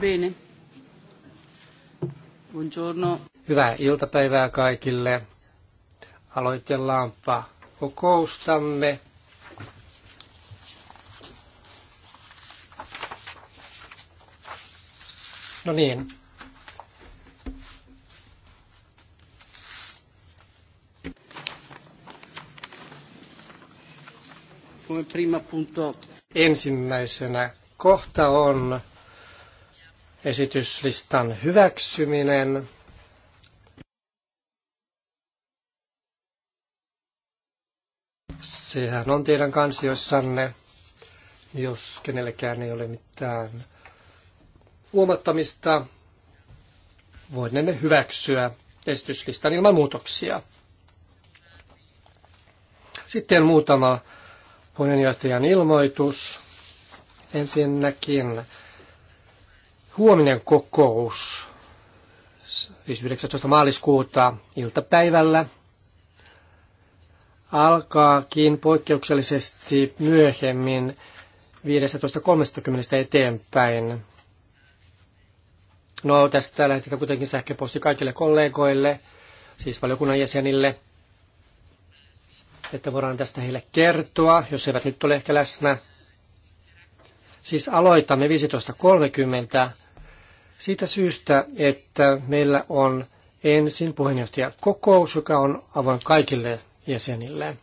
Bene. Buongiorno. Hyvää iltapäivää kaikille. Aloitellaanpa kokoustamme. No niin. Ensimmäisenä kohta on esityslistan hyväksyminen. Sehän on teidän kansioissanne, jos kenellekään ei ole mitään huomattamista. Voimme hyväksyä esityslistan ilman muutoksia. Sitten muutama puheenjohtajan ilmoitus. Ensinnäkin huominen kokous 19. maaliskuuta iltapäivällä alkaakin poikkeuksellisesti myöhemmin 15.30 eteenpäin. No, tästä lähetetään kuitenkin sähköposti kaikille kollegoille, siis valiokunnan jäsenille, että voidaan tästä heille kertoa, jos eivät nyt ole ehkä läsnä. Siis aloitamme 15.30 siitä syystä, että meillä on ensin puheenjohtajakokous, joka on avoin kaikille jäsenille.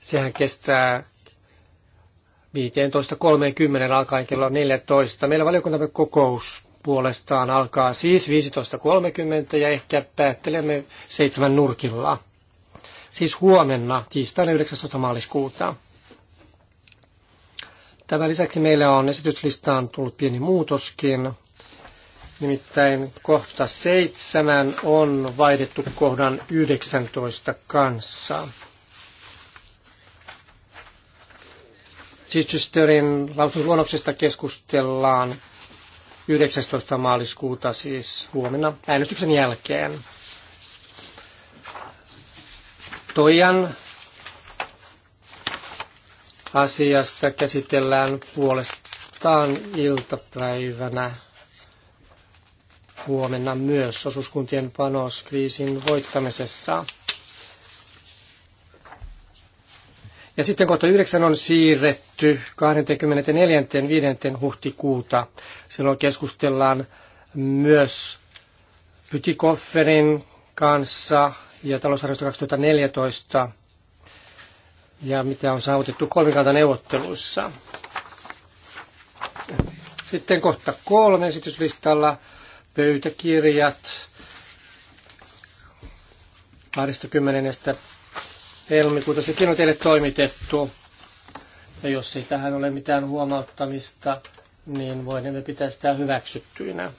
Sehän kestää 15.30 alkaen kello 14. Meillä valiokuntamme kokous puolestaan alkaa siis 15.30 ja ehkä päättelemme seitsemän nurkilla. Siis huomenna tiistaina 19. maaliskuuta. Tämän lisäksi meillä on esityslistaan tullut pieni muutoskin. Nimittäin kohta 7 on vaihdettu kohdan 19 kanssa. Chichesterin lausuntoluonnoksesta keskustellaan 19. maaliskuuta, siis huomenna äänestyksen jälkeen. Toijan asiasta käsitellään puolestaan iltapäivänä huomenna myös osuuskuntien panos kriisin voittamisessa. Ja sitten kohta 9 on siirretty 24. 5. huhtikuuta. Silloin keskustellaan myös Pytikofferin kanssa ja talousarvosta 2014 ja mitä on saavutettu kolmikantaneuvotteluissa. Sitten kohta kolme esityslistalla pöytäkirjat 20. helmikuuta. Sekin on teille toimitettu. Ja jos ei tähän ole mitään huomauttamista, niin voimme pitää sitä hyväksyttyinä.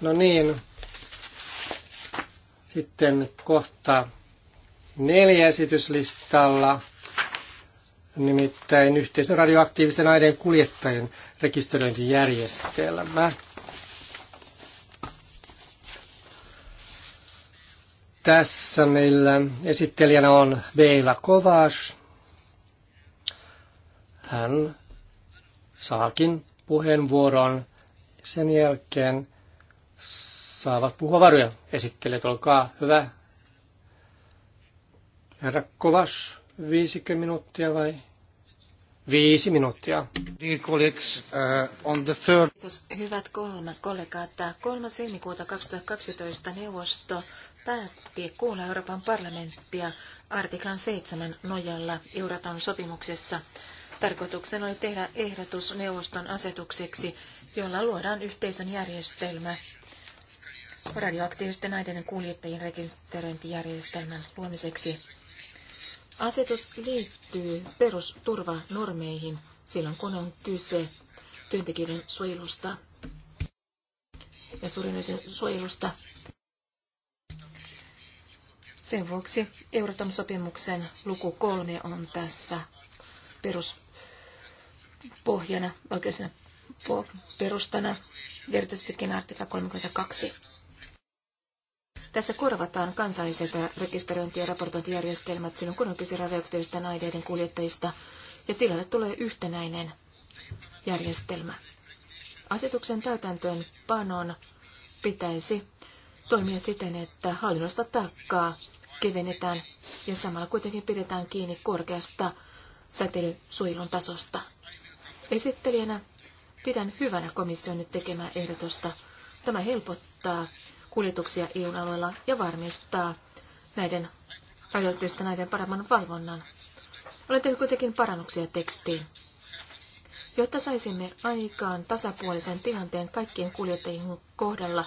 No niin, sitten kohta neljä esityslistalla, nimittäin yhteisön radioaktiivisten aineiden kuljettajien rekisteröintijärjestelmä. Tässä meillä esittelijänä on Veila Kovas. Hän saakin puheenvuoron. Sen jälkeen saavat puhua varoja. Esittelijät, olkaa hyvä. Herra Kovas, viisikö minuuttia vai? Viisi minuuttia. Uh, on the third. Kiitos, hyvät kolme kollegat. 3. helmikuuta 2012 neuvosto päätti kuulla Euroopan parlamenttia artiklan 7 nojalla Euraton sopimuksessa. Tarkoituksena oli tehdä ehdotus neuvoston asetukseksi, jolla luodaan yhteisön järjestelmä radioaktiivisten aineiden kuljettajien rekisteröintijärjestelmän luomiseksi. Asetus liittyy perusturvanormeihin silloin, kun on kyse työntekijöiden suojelusta ja suurennoisen suojelusta. Sen vuoksi Euratom-sopimuksen luku kolme on tässä peruspohjana, oikeastaan perustana, erityisestikin artikla 32. Tässä korvataan kansalliset rekisteröinti- ja raportointijärjestelmät silloin, kun on kyse aineiden kuljettajista, ja tilalle tulee yhtenäinen järjestelmä. Asetuksen täytäntöönpanon pitäisi toimia siten, että hallinnosta taakkaa kevennetään ja samalla kuitenkin pidetään kiinni korkeasta säteilysuojelun tasosta. Esittelijänä pidän hyvänä komission nyt tekemää ehdotusta. Tämä helpottaa kuljetuksia EUn alueella ja varmistaa näiden rajoitteista näiden paremman valvonnan. Olen tehnyt kuitenkin parannuksia tekstiin. Jotta saisimme aikaan tasapuolisen tilanteen kaikkien kuljettajien kohdalla,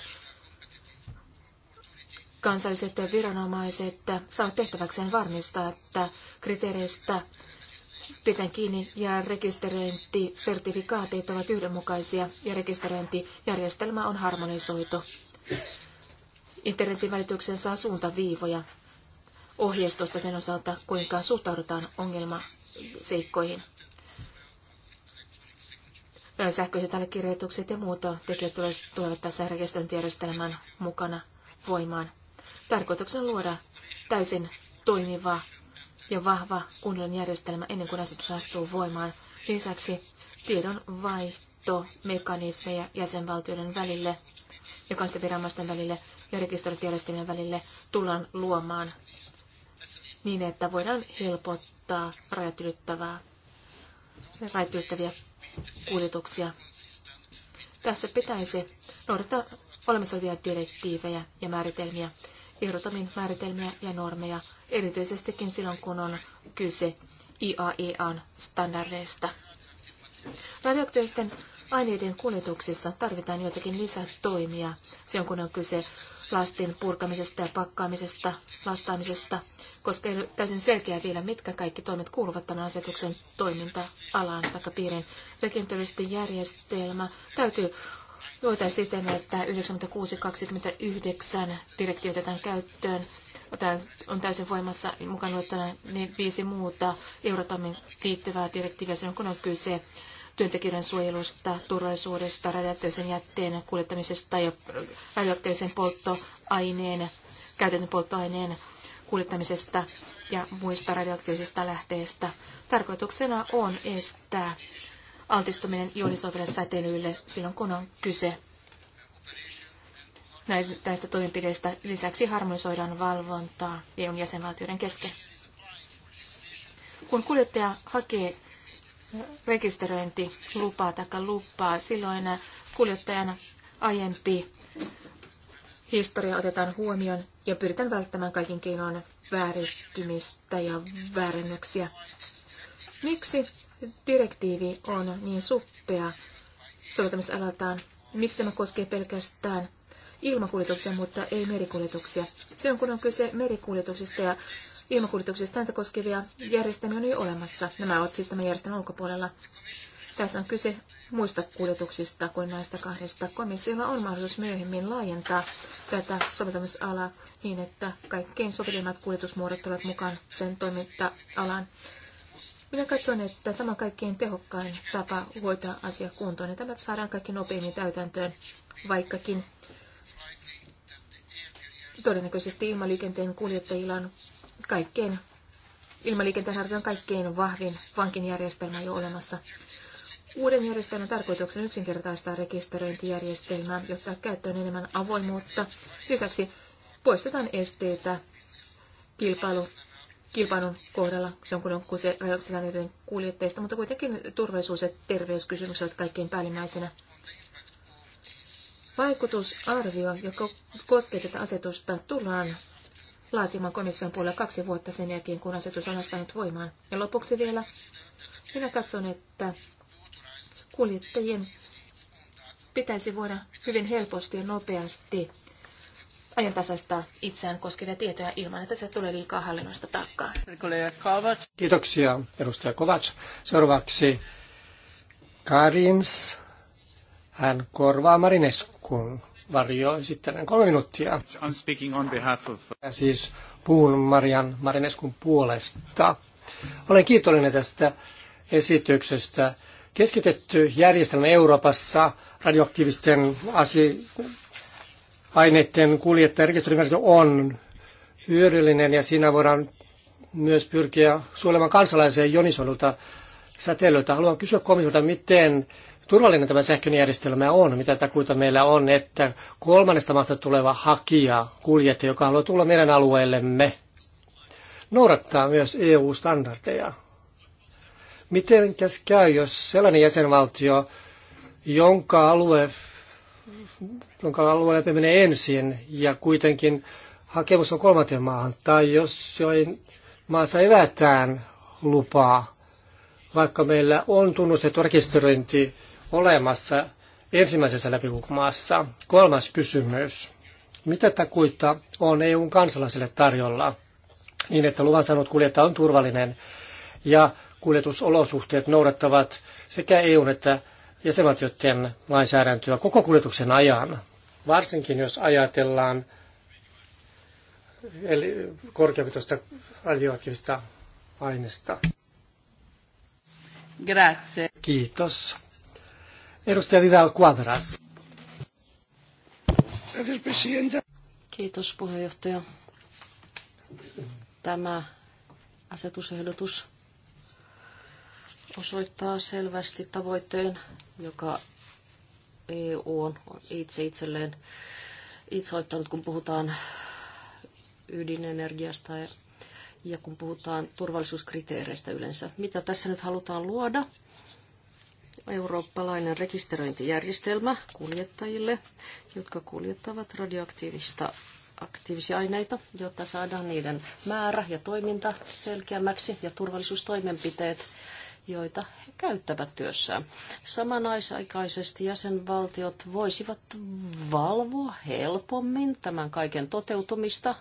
kansalliset viranomaiset saavat tehtäväkseen varmistaa, että kriteereistä pitää kiinni ja rekisteröintisertifikaatit ovat yhdenmukaisia ja rekisteröintijärjestelmä on harmonisoitu. Internetin välityksen saa suuntaviivoja ohjeistusta sen osalta, kuinka suhtaudutaan ongelmaseikkoihin. Sähköiset allekirjoitukset ja muut tekijät tulevat tässä rekisteröintijärjestelmän mukana voimaan. Tarkoituksena luoda täysin toimiva ja vahva kunnon järjestelmä ennen kuin asetus astuu voimaan. Lisäksi tiedon jäsenvaltioiden välille ja kansanviranomaisten välille ja rekisteröintijärjestelmien välille tullaan luomaan niin, että voidaan helpottaa rajatylyttäviä kuljetuksia. Tässä pitäisi noudattaa olemassa olevia direktiivejä ja määritelmiä, ehdotamin määritelmiä ja normeja, erityisestikin silloin, kun on kyse IAEAn standardeista. Radioaktiivisten aineiden kuljetuksissa tarvitaan joitakin lisätoimia silloin, kun on kyse lastin purkamisesta ja pakkaamisesta, lastaamisesta, koska ei ole täysin selkeää vielä, mitkä kaikki toimet kuuluvat tämän asetuksen toiminta-alaan tai piirin Rekintöllisten järjestelmä täytyy hoitaa siten, että 96-29 direktio otetaan käyttöön. On täysin voimassa niin mukaan luettuna niin viisi muuta Euroopan liittyvää direktiiviä, kun on kyse työntekijöiden suojelusta, turvallisuudesta, radioaktiivisen jätteen kuljettamisesta ja radioaktiivisen polttoaineen, käytetyn polttoaineen kuljettamisesta ja muista radioaktiivisista lähteistä. Tarkoituksena on estää altistuminen ionisoiville säteilyille silloin, kun on kyse näistä toimenpideistä. Lisäksi harmonisoidaan valvontaa EUn jäsenvaltioiden kesken. Kun kuljettaja hakee rekisteröintilupaa tai lupaa, silloin kuljettajan aiempi historia otetaan huomioon ja pyritään välttämään kaikin keinoin vääristymistä ja väärennöksiä. Miksi direktiivi on niin suppea soveltamisalaltaan? Miksi tämä koskee pelkästään ilmakuljetuksia, mutta ei merikuljetuksia? Silloin kun on kyse merikuljetuksista ja ilmakuljetuksista näitä koskevia järjestelmiä on jo olemassa. Nämä ovat siis tämän järjestelmän ulkopuolella. Tässä on kyse muista kuljetuksista kuin näistä kahdesta. Komissiolla on mahdollisuus myöhemmin laajentaa tätä soveltamisalaa niin, että kaikkein sopivimmat kuljetusmuodot tulevat mukaan sen toiminta-alan. Minä katson, että tämä on kaikkein tehokkain tapa hoitaa asia kuntoon ja tämä saadaan kaikki nopeimmin täytäntöön, vaikkakin todennäköisesti ilmaliikenteen kuljettajilla on kaikkein, ilmaliikenteen harjoitan kaikkein vahvin pankin järjestelmä jo olemassa. Uuden järjestelmän tarkoituksena yksinkertaistaa rekisteröintijärjestelmää, jotta käyttöön enemmän avoimuutta. Lisäksi poistetaan esteitä kilpailu, kilpailun kohdalla, se on kun on kyse rajoitetaan kuljetteista, mutta kuitenkin turvallisuus- ja terveyskysymykset ovat kaikkein päällimmäisenä. Vaikutusarvio, joka koskee tätä asetusta, tullaan laatimaan komission puolella kaksi vuotta sen jälkeen, kun asetus on astanut voimaan. Ja lopuksi vielä minä katson, että kuljettajien pitäisi voida hyvin helposti ja nopeasti ajantasaistaa itseään koskevia tietoja ilman, että se tulee liikaa hallinnosta taakkaa. Kiitoksia, edustaja Kovac. Seuraavaksi Karins. Hän korvaa Marineskun varjo esittelen kolme minuuttia. I'm speaking on behalf of... Uh, ja siis puhun Marian Marineskun puolesta. Olen kiitollinen tästä esityksestä. Keskitetty järjestelmä Euroopassa radioaktiivisten asi- aineiden kuljettaja on hyödyllinen ja siinä voidaan myös pyrkiä suolemaan kansalaiseen jonisoluta säteilyltä. Haluan kysyä komissiolta, miten turvallinen tämä sähköinen järjestelmä on, mitä takuita meillä on, että kolmannesta maasta tuleva hakija, kuljettaja, joka haluaa tulla meidän alueellemme, noudattaa myös EU-standardeja. Miten käy, jos sellainen jäsenvaltio, jonka alue jonka alueelle menee ensin ja kuitenkin hakemus on kolmanteen maahan. Tai jos join maassa evätään lupaa, vaikka meillä on tunnustettu rekisteröinti olemassa ensimmäisessä läpikulkumaassa. Kolmas kysymys. Mitä takuita on EUn kansalaisille tarjolla niin, että luvan saanut kuljettaja on turvallinen ja kuljetusolosuhteet noudattavat sekä EUn että jäsenvaltioiden lainsäädäntöä koko kuljetuksen ajan? Varsinkin jos ajatellaan eli korkeapitoista radioaktiivista aineesta. Grazie. Kiitos. Edustaja Vidal Quadras. Kiitos puheenjohtaja. Tämä asetusehdotus osoittaa selvästi tavoitteen, joka EU on itse itselleen itse ottanut, kun puhutaan ydinenergiasta ja kun puhutaan turvallisuuskriteereistä yleensä. Mitä tässä nyt halutaan luoda? eurooppalainen rekisteröintijärjestelmä kuljettajille, jotka kuljettavat radioaktiivista aktiivisia aineita, jotta saadaan niiden määrä ja toiminta selkeämmäksi ja turvallisuustoimenpiteet, joita he käyttävät työssään. Samanaikaisesti jäsenvaltiot voisivat valvoa helpommin tämän kaiken toteutumista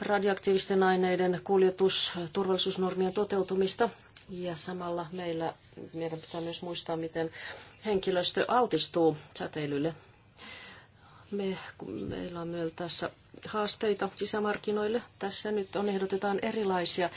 radioaktiivisten aineiden kuljetus turvallisuusnormien toteutumista ja samalla meillä, meidän pitää myös muistaa, miten henkilöstö altistuu säteilylle. Me, meillä on myös tässä haasteita sisämarkkinoille. Tässä nyt on ehdotetaan erilaisia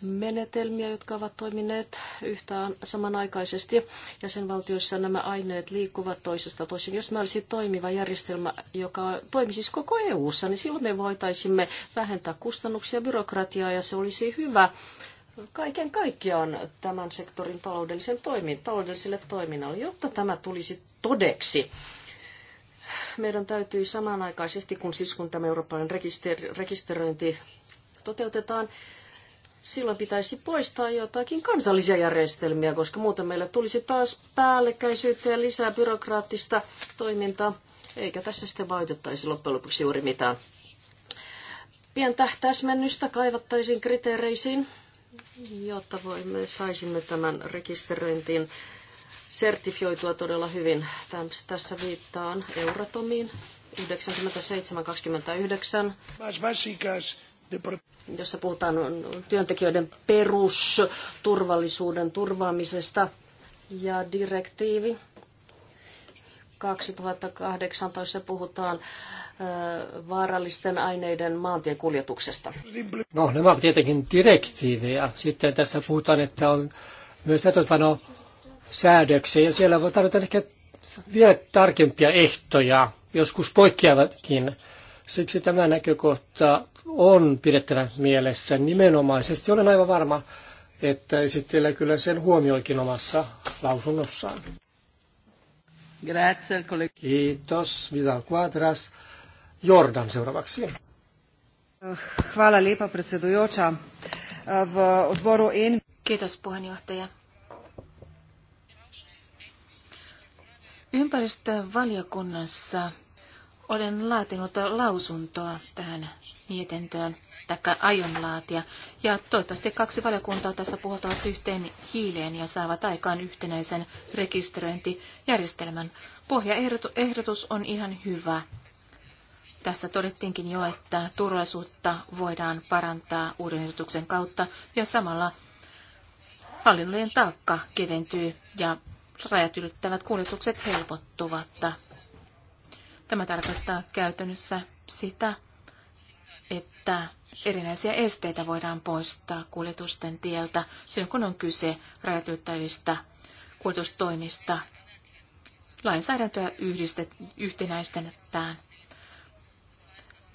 menetelmiä, jotka ovat toimineet yhtään samanaikaisesti. Jäsenvaltioissa nämä aineet liikkuvat toisesta toisin. Jos meillä olisi toimiva järjestelmä, joka toimisi koko EU-ssa, niin silloin me voitaisimme vähentää kustannuksia ja byrokratiaa, ja se olisi hyvä kaiken kaikkiaan tämän sektorin taloudellisen toimin, taloudelliselle toiminnalle, jotta tämä tulisi todeksi. Meidän täytyy samanaikaisesti, kun siis kun tämä eurooppalainen rekister, rekisteröinti toteutetaan, silloin pitäisi poistaa jotakin kansallisia järjestelmiä, koska muuten meillä tulisi taas päällekkäisyyttä ja lisää byrokraattista toimintaa, eikä tässä sitten vaikuttaisi loppujen lopuksi juuri mitään. Pientä täsmennystä kaivattaisiin kriteereisiin jotta voimme, saisimme tämän rekisteröintiin sertifioitua todella hyvin. Tässä viittaan Euratomiin 9729, jossa puhutaan työntekijöiden perusturvallisuuden turvaamisesta ja direktiivi 2018 puhutaan vaarallisten aineiden maantiekuljetuksesta. No, nämä ovat tietenkin direktiivejä. Sitten tässä puhutaan, että on myös täytäntöpano säädöksiä ja siellä tarvita ehkä vielä tarkempia ehtoja, joskus poikkeavatkin. Siksi tämä näkökohta on pidettävä mielessä nimenomaisesti. Olen aivan varma, että esittelee kyllä sen huomioikin omassa lausunnossaan. Grazie, Kiitos, Vidal Quadras. Jordan seuraavaksi. Hvala lepa, predsedujoča. V odboru en... Kiitos, puheenjohtaja. Ympäristövaliokunnassa olen laatinut lausuntoa tähän mietintöön tai aion laatia. Ja toivottavasti kaksi valiokuntaa tässä puhutaan yhteen hiileen ja saavat aikaan yhtenäisen rekisteröintijärjestelmän. Pohjaehdotus on ihan hyvä. Tässä todettiinkin jo, että turvallisuutta voidaan parantaa uuden ehdotuksen kautta ja samalla hallinnollinen taakka keventyy ja rajat ylittävät kuljetukset helpottuvat. Tämä tarkoittaa käytännössä sitä, että erinäisiä esteitä voidaan poistaa kuljetusten tieltä silloin, kun on kyse rajatyttävistä kuljetustoimista. Lainsäädäntöä yhdistet, yhtenäistetään.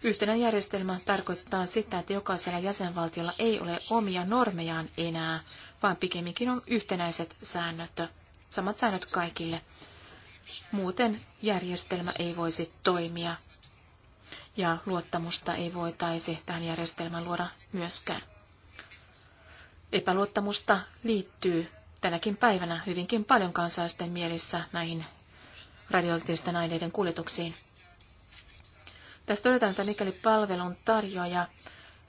Yhtenäinen järjestelmä tarkoittaa sitä, että jokaisella jäsenvaltiolla ei ole omia normejaan enää, vaan pikemminkin on yhtenäiset säännöt, samat säännöt kaikille. Muuten järjestelmä ei voisi toimia ja luottamusta ei voitaisi tähän järjestelmään luoda myöskään. Epäluottamusta liittyy tänäkin päivänä hyvinkin paljon kansalaisten mielissä näihin radioaktiivisten aineiden kuljetuksiin. Tässä todetaan, että mikäli palvelun tarjoaja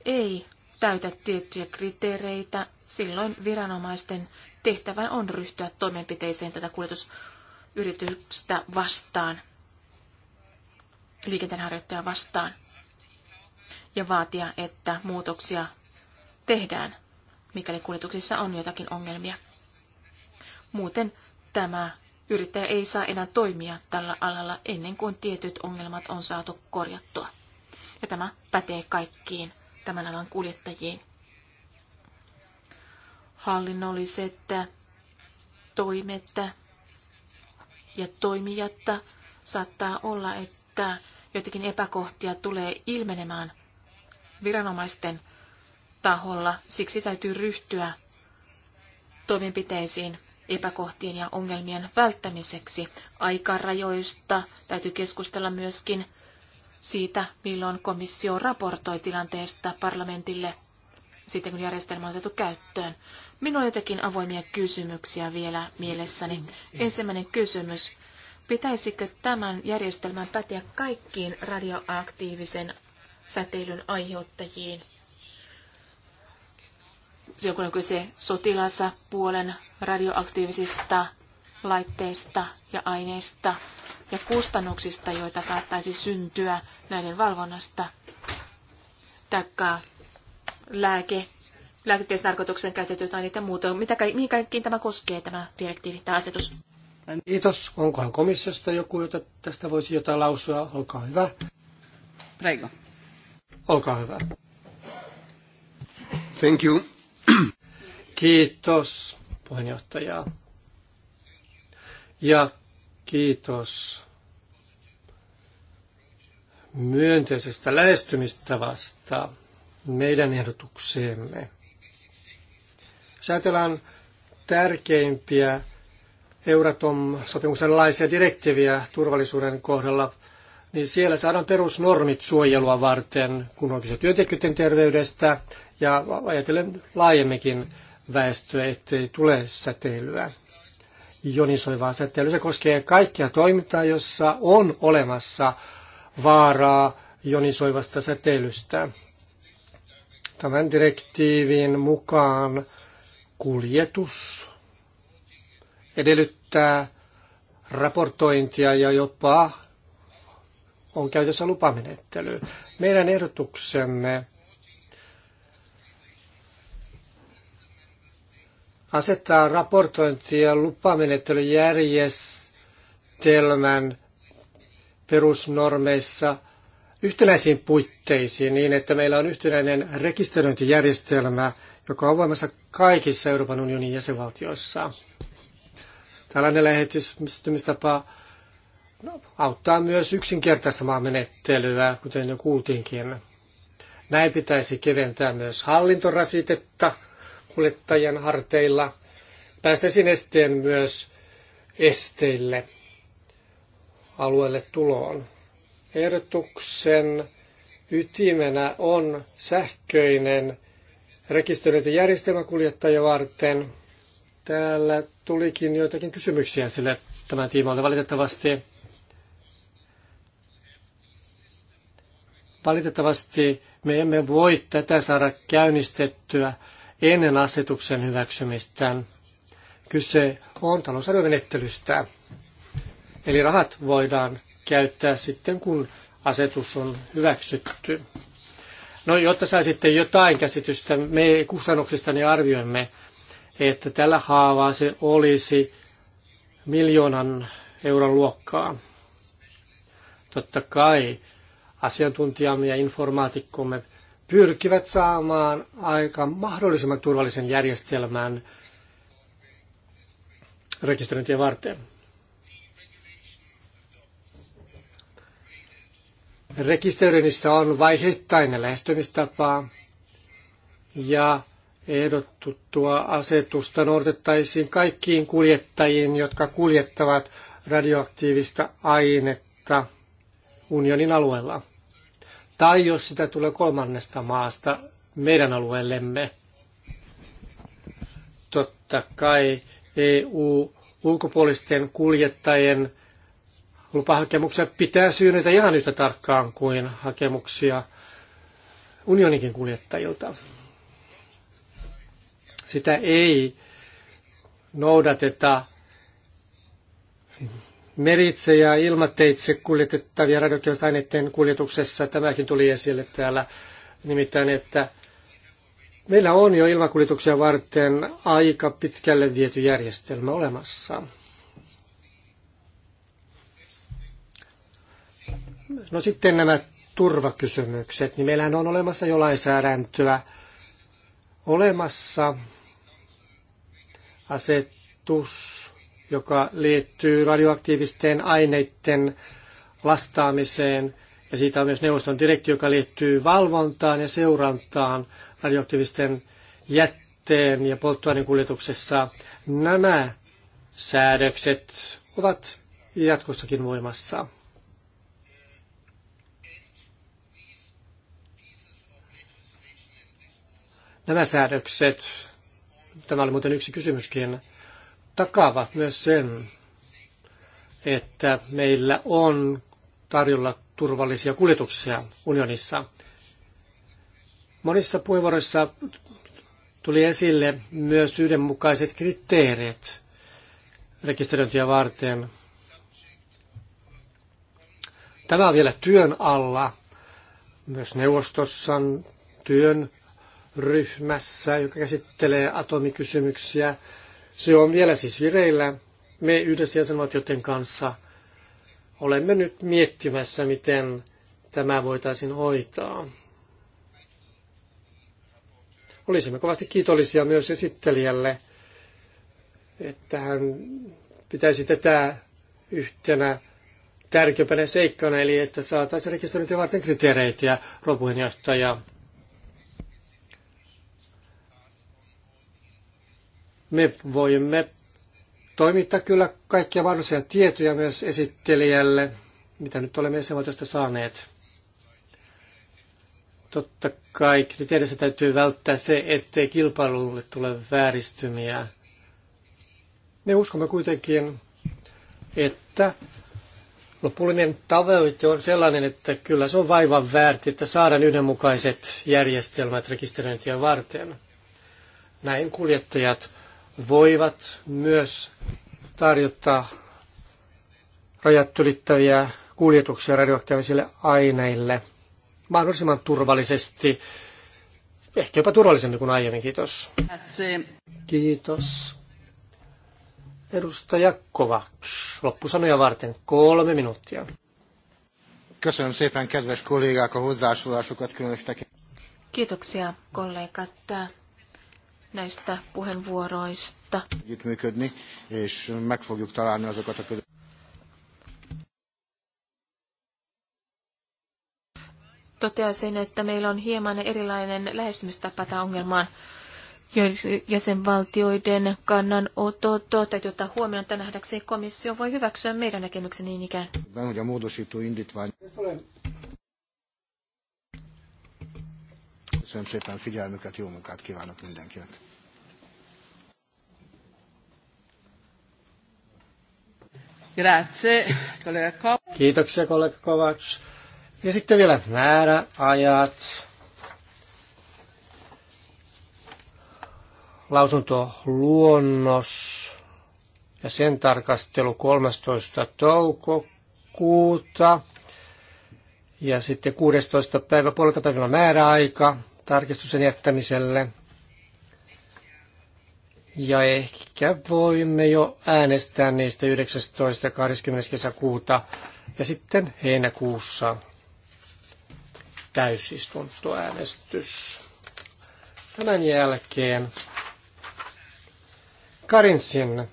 ei täytä tiettyjä kriteereitä, silloin viranomaisten tehtävän on ryhtyä toimenpiteeseen tätä kuljetusyritystä vastaan liikenteenharjoittajaa vastaan ja vaatia, että muutoksia tehdään, mikäli kuljetuksissa on jotakin ongelmia. Muuten tämä yrittäjä ei saa enää toimia tällä alalla ennen kuin tietyt ongelmat on saatu korjattua. Ja tämä pätee kaikkiin tämän alan kuljettajiin. Hallinnolliset toimet ja toimijat saattaa olla, että joitakin epäkohtia tulee ilmenemään viranomaisten taholla. Siksi täytyy ryhtyä toimenpiteisiin epäkohtien ja ongelmien välttämiseksi. Aikarajoista täytyy keskustella myöskin siitä, milloin komissio raportoi tilanteesta parlamentille sitten, kun järjestelmä on otettu käyttöön. Minulla on jotenkin avoimia kysymyksiä vielä mielessäni. Ensimmäinen kysymys. Pitäisikö tämän järjestelmän päteä kaikkiin radioaktiivisen säteilyn aiheuttajiin? Silloin kun on kyse sotilassa puolen radioaktiivisista laitteista ja aineista ja kustannuksista, joita saattaisi syntyä näiden valvonnasta, taikka lääke, lääketieteen tarkoituksen käytetyt aineet ja muuta. Mitä, mihin kaikkiin tämä koskee, tämä direktiivi tai asetus? Kiitos. Onkohan komissiosta joku, jota tästä voisi jotain lausua? Olkaa hyvä. Prego. Olkaa hyvä. Thank you. Kiitos puheenjohtaja. Ja kiitos myönteisestä lähestymistavasta meidän ehdotukseemme. Jos ajatellaan tärkeimpiä Euratom-sopimuksen laisia direktiiviä turvallisuuden kohdalla, niin siellä saadaan perusnormit suojelua varten, kun on kyse työntekijöiden terveydestä ja ajatellen laajemminkin väestöä, ettei tule säteilyä. Jonisoivaa säteilyä. Se koskee kaikkia toimintaa, jossa on olemassa vaaraa jonisoivasta säteilystä. Tämän direktiivin mukaan kuljetus edellyttää käyttää raportointia ja jopa on käytössä lupamenettely. Meidän ehdotuksemme asettaa raportointi- ja lupamenettelyjärjestelmän perusnormeissa yhtenäisiin puitteisiin niin, että meillä on yhtenäinen rekisteröintijärjestelmä, joka on voimassa kaikissa Euroopan unionin jäsenvaltioissa. Tällainen lähetystymistapa no, auttaa myös yksinkertaistamaan menettelyä, kuten jo kuultiinkin. Näin pitäisi keventää myös hallintorasitetta kuljettajien harteilla. Päästäisiin esteen myös esteille alueelle tuloon. Ehdotuksen ytimenä on sähköinen rekisteröintijärjestelmä kuljettaja varten. Täällä tulikin joitakin kysymyksiä sille tämän tiimalle valitettavasti. Valitettavasti me emme voi tätä saada käynnistettyä ennen asetuksen hyväksymistä. Kyse on talousarvomenettelystä. Eli rahat voidaan käyttää sitten, kun asetus on hyväksytty. No, jotta saisitte jotain käsitystä me kustannuksista, niin arvioimme, että tällä haavaa se olisi miljoonan euron luokkaa. Totta kai asiantuntijamme ja informaatikkomme pyrkivät saamaan aika mahdollisimman turvallisen järjestelmän rekisteröintiä varten. Rekisteröinnissä on vaiheittainen lähestymistapa ja ehdotettua asetusta noudatettaisiin kaikkiin kuljettajiin, jotka kuljettavat radioaktiivista ainetta unionin alueella. Tai jos sitä tulee kolmannesta maasta meidän alueellemme. Totta kai EU-ulkopuolisten kuljettajien lupahakemuksia pitää syynätä ihan yhtä tarkkaan kuin hakemuksia unioninkin kuljettajilta sitä ei noudateta meritse ja ilmateitse kuljetettavia radioaktiivisten aineiden kuljetuksessa. Tämäkin tuli esille täällä nimittäin, että meillä on jo ilmakuljetuksia varten aika pitkälle viety järjestelmä olemassa. No sitten nämä turvakysymykset, niin meillähän on olemassa jo lainsäädäntöä olemassa asetus, joka liittyy radioaktiivisten aineiden lastaamiseen. Ja siitä on myös neuvoston direktio, joka liittyy valvontaan ja seurantaan radioaktiivisten jätteen ja polttoaineen kuljetuksessa. Nämä säädökset ovat jatkossakin voimassa. Nämä säädökset tämä oli muuten yksi kysymyskin, takaavat myös sen, että meillä on tarjolla turvallisia kuljetuksia unionissa. Monissa puheenvuoroissa tuli esille myös yhdenmukaiset kriteerit rekisteröintiä varten. Tämä on vielä työn alla, myös neuvostossa työn ryhmässä, joka käsittelee atomikysymyksiä. Se on vielä siis vireillä. Me yhdessä jäsenvaltioiden kanssa olemme nyt miettimässä, miten tämä voitaisiin hoitaa. Olisimme kovasti kiitollisia myös esittelijälle, että hän pitäisi tätä yhtenä tärkeimpänä seikkana, eli että saataisiin rekisteröintiä varten kriteereitä ja Me voimme toimittaa kyllä kaikkia mahdollisia tietoja myös esittelijälle, mitä nyt olemme jäsenvaltiosta saaneet. Totta kai kriteerissä täytyy välttää se, ettei kilpailulle tule vääristymiä. Me uskomme kuitenkin, että lopullinen tavoite on sellainen, että kyllä se on vaivan väärti, että saadaan yhdenmukaiset järjestelmät rekisteröintiä varten. Näin kuljettajat voivat myös tarjota rajat ylittäviä kuljetuksia radioaktiivisille aineille mahdollisimman turvallisesti, ehkä jopa turvallisemmin kuin aiemmin. Kiitos. Kiitos. Edustaja Kovacs, loppusanoja varten kolme minuuttia. Köszönöm szépen, kedves kollégák, a hozzásolásokat különös Kiitoksia kollegat näistä puheenvuoroista. Működni, és meg fogjuk találni azokat a Toteaisin, että meillä on hieman erilainen lähestymistapa tähän ongelmaan. Jäsenvaltioiden kannanotot täytyy ottaa huomioon, tänä nähdäkseen komissio voi hyväksyä meidän näkemyksen niin ikään. Köszönöm szépen figyelmüket, jó munkát kívánok mindenkinek. Grazie, kollega Kovács. Kiitoksia, kollega Kovács. Ja sitten vielä ajat. Lausunto luonnos ja sen tarkastelu 13. toukokuuta. Ja sitten 16. päivä puolelta päivällä määräaika tarkistuksen jättämiselle. Ja ehkä voimme jo äänestää niistä 19. ja 20. kesäkuuta ja sitten heinäkuussa täysistuntoäänestys. Tämän jälkeen Karinsin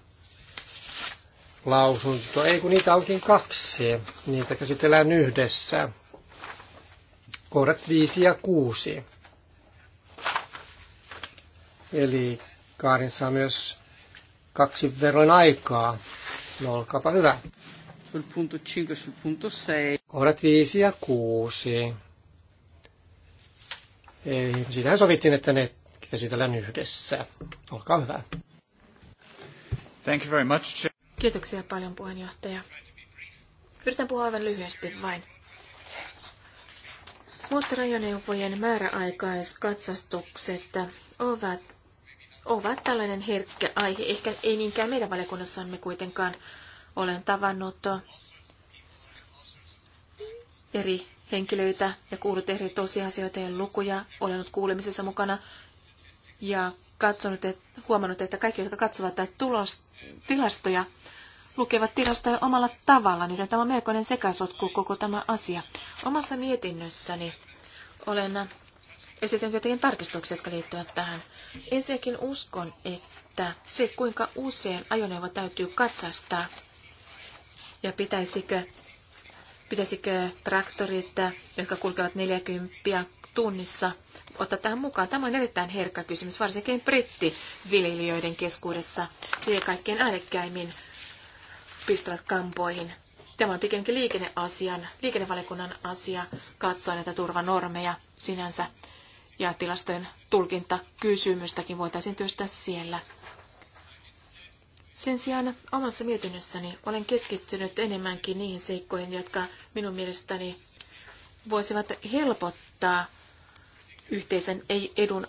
lausunto. Ei kun niitä onkin kaksi. Niitä käsitellään yhdessä. Kohdat viisi ja kuusi. Eli Kaarin saa myös kaksi verran aikaa. No olkaapa hyvä. Sul punto 5, sul punto 6. Kohdat 5 ja 6. Eli siitähän sovittiin, että ne käsitellään yhdessä. Olkaa hyvä. Thank you very much. Kiitoksia paljon puheenjohtaja. Yritän puhua aivan lyhyesti vain. Moottoriajoneuvojen määräaikaiskatsastukset ovat ovat tällainen herkkä aihe. Ehkä ei niinkään meidän valiokunnassamme kuitenkaan. Olen tavannut eri henkilöitä ja kuullut eri tosiasioita ja lukuja. Olen ollut kuulemisessa mukana ja katsonut, et, huomannut, että kaikki, jotka katsovat tätä tulos, tilastoja, lukevat tilastoja omalla tavallaan, niin tämä on melkoinen sekasotku koko tämä asia. Omassa mietinnössäni olen esitän jotenkin tarkistuksia, jotka liittyvät tähän. Ensinnäkin uskon, että se, kuinka usein ajoneuvo täytyy katsastaa ja pitäisikö, pitäisikö traktorit, jotka kulkevat 40 tunnissa, ottaa tähän mukaan. Tämä on erittäin herkkä kysymys, varsinkin brittiviljelijöiden keskuudessa. He kaikkein äänekkäimmin pistävät kampoihin. Tämä on pikemminkin liikenneasian, liikennevaliokunnan asia katsoa näitä turvanormeja sinänsä ja tilastojen tulkintakysymystäkin voitaisiin työstää siellä. Sen sijaan omassa mietinnössäni olen keskittynyt enemmänkin niihin seikkoihin, jotka minun mielestäni voisivat helpottaa yhteisen ei edun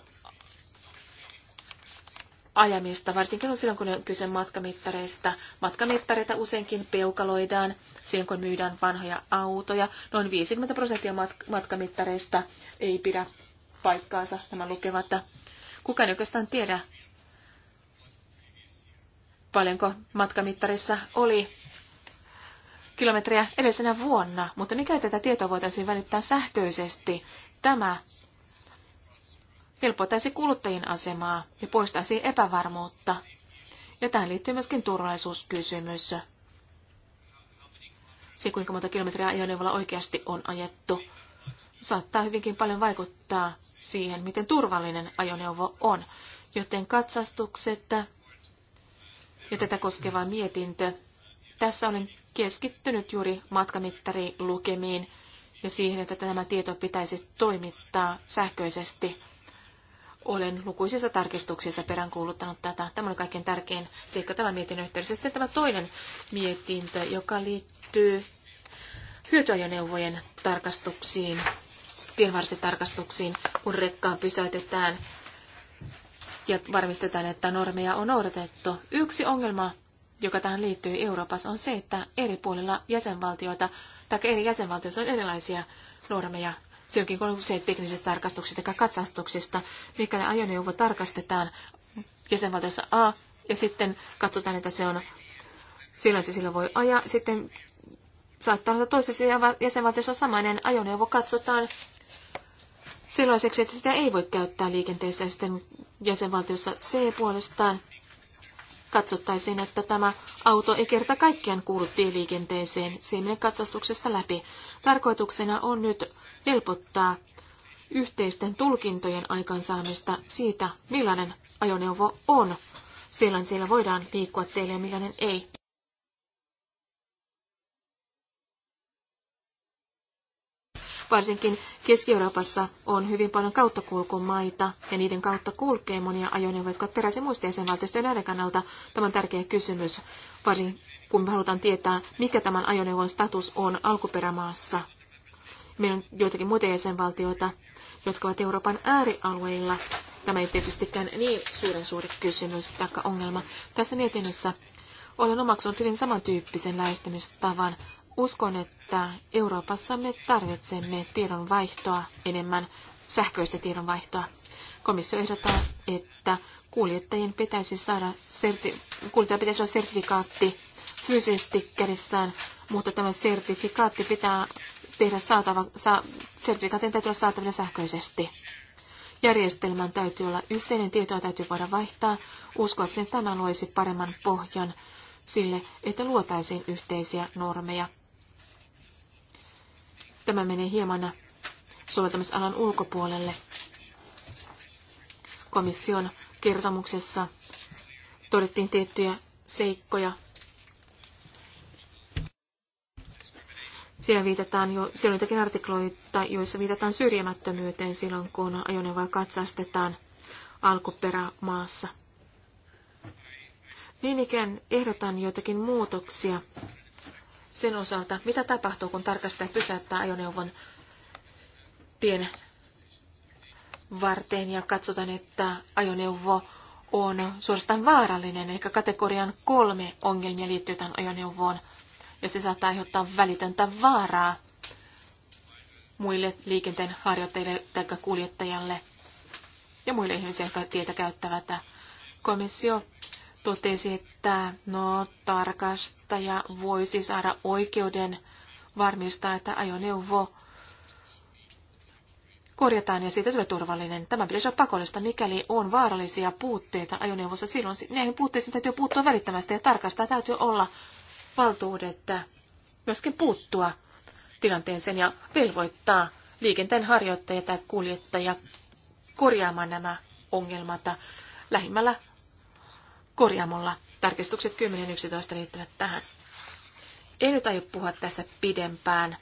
ajamista, varsinkin on silloin, kun on kyse matkamittareista. Matkamittareita useinkin peukaloidaan silloin, kun myydään vanhoja autoja. Noin 50 prosenttia matkamittareista ei pidä paikkaansa nämä lukevat. Kukaan ei oikeastaan tiedä, paljonko matkamittarissa oli kilometriä edellisenä vuonna, mutta mikä tätä tietoa voitaisiin välittää sähköisesti, tämä helpottaisi kuluttajien asemaa ja poistaisi epävarmuutta. Ja tähän liittyy myöskin turvallisuuskysymys. Se, kuinka monta kilometriä ajoneuvolla oikeasti on ajettu saattaa hyvinkin paljon vaikuttaa siihen, miten turvallinen ajoneuvo on. Joten katsastukset ja tätä koskeva mietintö. Tässä olen keskittynyt juuri matkamittarilukemiin ja siihen, että tämä tieto pitäisi toimittaa sähköisesti. Olen lukuisissa tarkistuksissa peräänkuuluttanut tätä. Tämä on kaikkein tärkein seikka tämän mietinnön yhteydessä. Sitten tämä toinen mietintö, joka liittyy hyötyajoneuvojen tarkastuksiin tienvarsitarkastuksiin, kun rekkaa pysäytetään ja varmistetaan, että normeja on noudatettu. Yksi ongelma, joka tähän liittyy Euroopassa, on se, että eri puolilla jäsenvaltioita tai eri jäsenvaltioissa on erilaisia normeja silloin kun on usein tekniset tarkastukset ja katsastuksista, mikäli ajoneuvo tarkastetaan jäsenvaltiossa A, ja sitten katsotaan, että se on silloin, se sillä voi ajaa. Sitten saattaa olla toisessa jäsenvaltiossa samainen ajoneuvo katsotaan sellaiseksi, että sitä ei voi käyttää liikenteessä. Sitten jäsenvaltiossa C puolestaan katsottaisiin, että tämä auto ei kerta kaikkiaan kuulu tieliikenteeseen. Se menee katsastuksesta läpi. Tarkoituksena on nyt helpottaa yhteisten tulkintojen aikansaamista siitä, millainen ajoneuvo on. siellä siellä voidaan liikkua teille ja millainen ei. Varsinkin Keski-Euroopassa on hyvin paljon kauttakulkumaita ja niiden kautta kulkee monia ajoneuvoja, jotka peräisin muista jäsenvaltioista näiden kannalta. Tämä on tärkeä kysymys, varsinkin kun me halutaan tietää, mikä tämän ajoneuvon status on alkuperämaassa. Meillä on joitakin muita jäsenvaltioita, jotka ovat Euroopan äärialueilla. Tämä ei tietystikään niin suuren suuri kysymys tai ongelma. Tässä mietinnössä olen omaksunut hyvin samantyyppisen lähestymistavan Uskon, että Euroopassa me tarvitsemme tiedonvaihtoa enemmän, sähköistä tiedonvaihtoa. Komissio ehdottaa, että kuljettajien pitäisi saada, serti, pitäisi olla sertifikaatti fyysisesti kädessään, mutta tämä sertifikaatti pitää tehdä saatava, sa, sertifikaatin täytyy olla saatavilla sähköisesti. Järjestelmän täytyy olla yhteinen, tietoa täytyy voida vaihtaa. Uskoakseni tämä loisi paremman pohjan sille, että luotaisiin yhteisiä normeja Tämä menee hieman soveltamisalan ulkopuolelle. Komission kertomuksessa todettiin tiettyjä seikkoja. Siellä viitataan jo, siellä on jotakin artikloita, joissa viitataan syrjimättömyyteen silloin, kun ajoneuvoja katsastetaan alkuperämaassa. Niin ikään ehdotan joitakin muutoksia sen osalta, mitä tapahtuu, kun tarkastaja pysäyttää ajoneuvon tien varten ja katsotaan, että ajoneuvo on suorastaan vaarallinen, eli kategorian kolme ongelmia liittyy tämän ajoneuvoon, ja se saattaa aiheuttaa välitöntä vaaraa muille liikenteen harjoittajille tai kuljettajalle ja muille ihmisille, jotka tietä käyttävät. Komissio totesi, että no, tarkastaja voisi saada oikeuden varmistaa, että ajoneuvo korjataan ja siitä tulee turvallinen. Tämä pitäisi olla pakollista, mikäli on vaarallisia puutteita ajoneuvossa. Silloin näihin puutteisiin täytyy puuttua välittömästi ja tarkastaa täytyy olla valtuudet myöskin puuttua tilanteeseen ja velvoittaa liikenteen harjoittaja tai kuljettaja korjaamaan nämä ongelmat lähimmällä korjaamolla. Tarkistukset 10 11 liittyvät tähän. En nyt aio puhua tässä pidempään.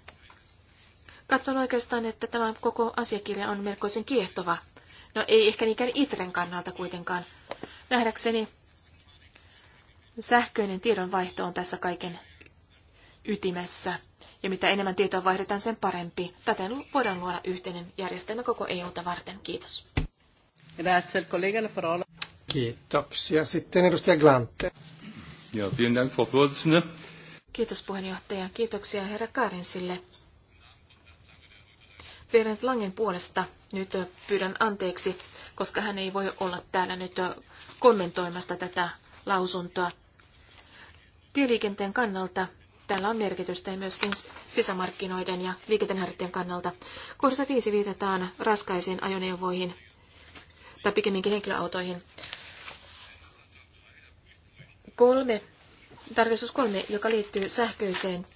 Katson oikeastaan, että tämä koko asiakirja on melkoisen kiehtova. No ei ehkä niinkään Itren kannalta kuitenkaan. Nähdäkseni sähköinen tiedonvaihto on tässä kaiken ytimessä. Ja mitä enemmän tietoa vaihdetaan, sen parempi. Täten voidaan luoda yhteinen järjestelmä koko EUta varten. Kiitos. Grazie, Kiitoksia. Sitten edustaja Glante. Ja, pienen Dank, Kiitos puheenjohtaja. Kiitoksia herra Kaarinsille. Berend Langen puolesta nyt pyydän anteeksi, koska hän ei voi olla täällä nyt kommentoimasta tätä lausuntoa. Tieliikenteen kannalta tällä on merkitystä ja myöskin sisämarkkinoiden ja liikenteenharjoittajien kannalta. Kohdassa 5 viitataan raskaisiin ajoneuvoihin tai pikemminkin henkilöautoihin kolme, tarkastus kolme, joka liittyy sähköiseen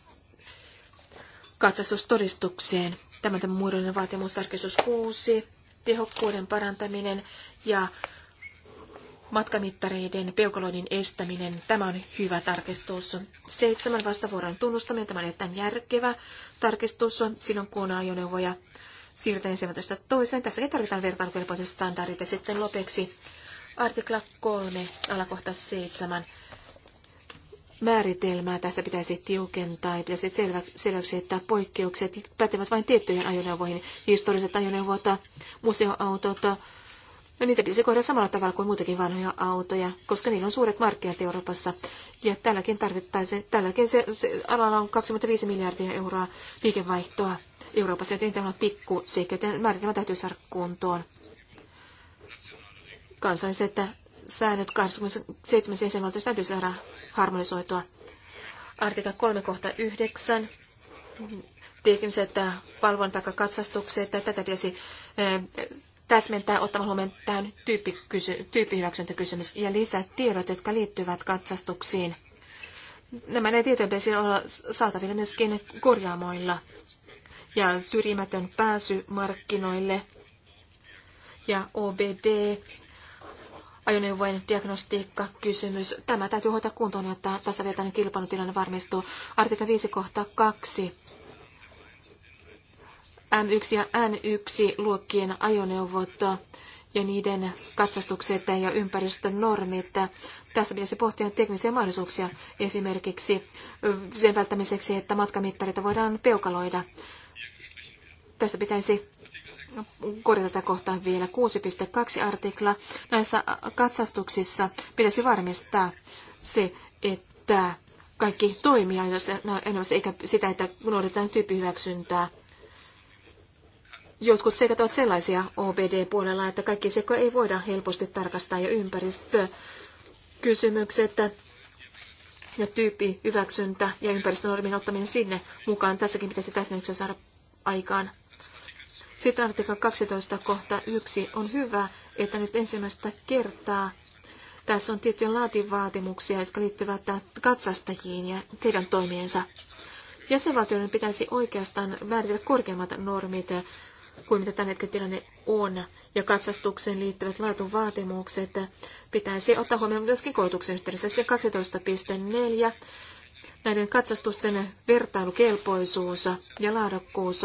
katsastustodistukseen. Tämä tämä muodollinen vaatimus, tarkistus kuusi, tehokkuuden parantaminen ja matkamittareiden peukaloinnin estäminen. Tämä on hyvä tarkistus. Seitsemän vastavuoron tunnustaminen. Tämä on erittäin järkevä tarkistus silloin, kun ajoneuvoja siirtää ensimmäisestä toiseen. ei tarvitaan vertailukelpoiset standardit. Ja sitten lopeksi artikla 3, alakohta 7 määritelmää tässä pitäisi tiukentaa ja pitäisi selväksi, että poikkeukset pätevät vain tiettyihin ajoneuvoihin. Historiset ajoneuvot, museoautot, No niitä pitäisi kohdata samalla tavalla kuin muitakin vanhoja autoja, koska niillä on suuret markkinat Euroopassa. Ja tälläkin tarvittaisiin, tälläkin se, se alalla on 25 miljardia euroa liikevaihtoa Euroopassa, joten tämä on pikku seikka, joten määritelmä täytyy saada kuntoon. Kansalliset säännöt 27 jäsenvaltiossa täytyy saada harmonisoitua. Artikla 3 kohta 9. että äh, valvonta- tai katsastukset, tätä tietysti äh, täsmentää ottamalla huomioon tähän tyyppihyväksyntäkysymys ja lisätiedot, jotka liittyvät katsastuksiin. Nämä ne tietojen pitäisi olla saatavilla myöskin korjaamoilla ja syrjimätön pääsy markkinoille ja OBD ajoneuvojen diagnostiikkakysymys. Tämä täytyy hoitaa kuntoon, jotta tasavertainen kilpailutilanne varmistuu. Artikla 5 kohta 2. M1 ja N1 luokkien ajoneuvot ja niiden katsastukset ja ympäristön normit. Tässä pitäisi pohtia teknisiä mahdollisuuksia esimerkiksi sen välttämiseksi, että matkamittarita voidaan peukaloida. Tässä pitäisi korjata tätä kohtaa vielä 6.2 artikla. Näissä katsastuksissa pitäisi varmistaa se, että kaikki toimii ainoastaan, eikä sitä, että noudatetaan tyyppihyväksyntää. Jotkut seikat ovat sellaisia OBD-puolella, että kaikki seko ei voida helposti tarkastaa ja ympäristökysymykset ja tyyppihyväksyntä hyväksyntä ja ympäristönormin ottaminen sinne mukaan. Tässäkin pitäisi täsmennyksen saada aikaan. Sitten artikla 12 kohta 1 on hyvä, että nyt ensimmäistä kertaa tässä on tiettyjä laativaatimuksia, jotka liittyvät katsastajiin ja heidän toimiensa. Jäsenvaltioiden pitäisi oikeastaan määritellä korkeammat normit kuin mitä tämän hetken tilanne on, ja katsastukseen liittyvät laatuvaatimukset pitäisi ottaa huomioon myöskin koulutuksen yhteydessä. Sitten 12.4. Näiden katsastusten vertailukelpoisuus ja laadukkuus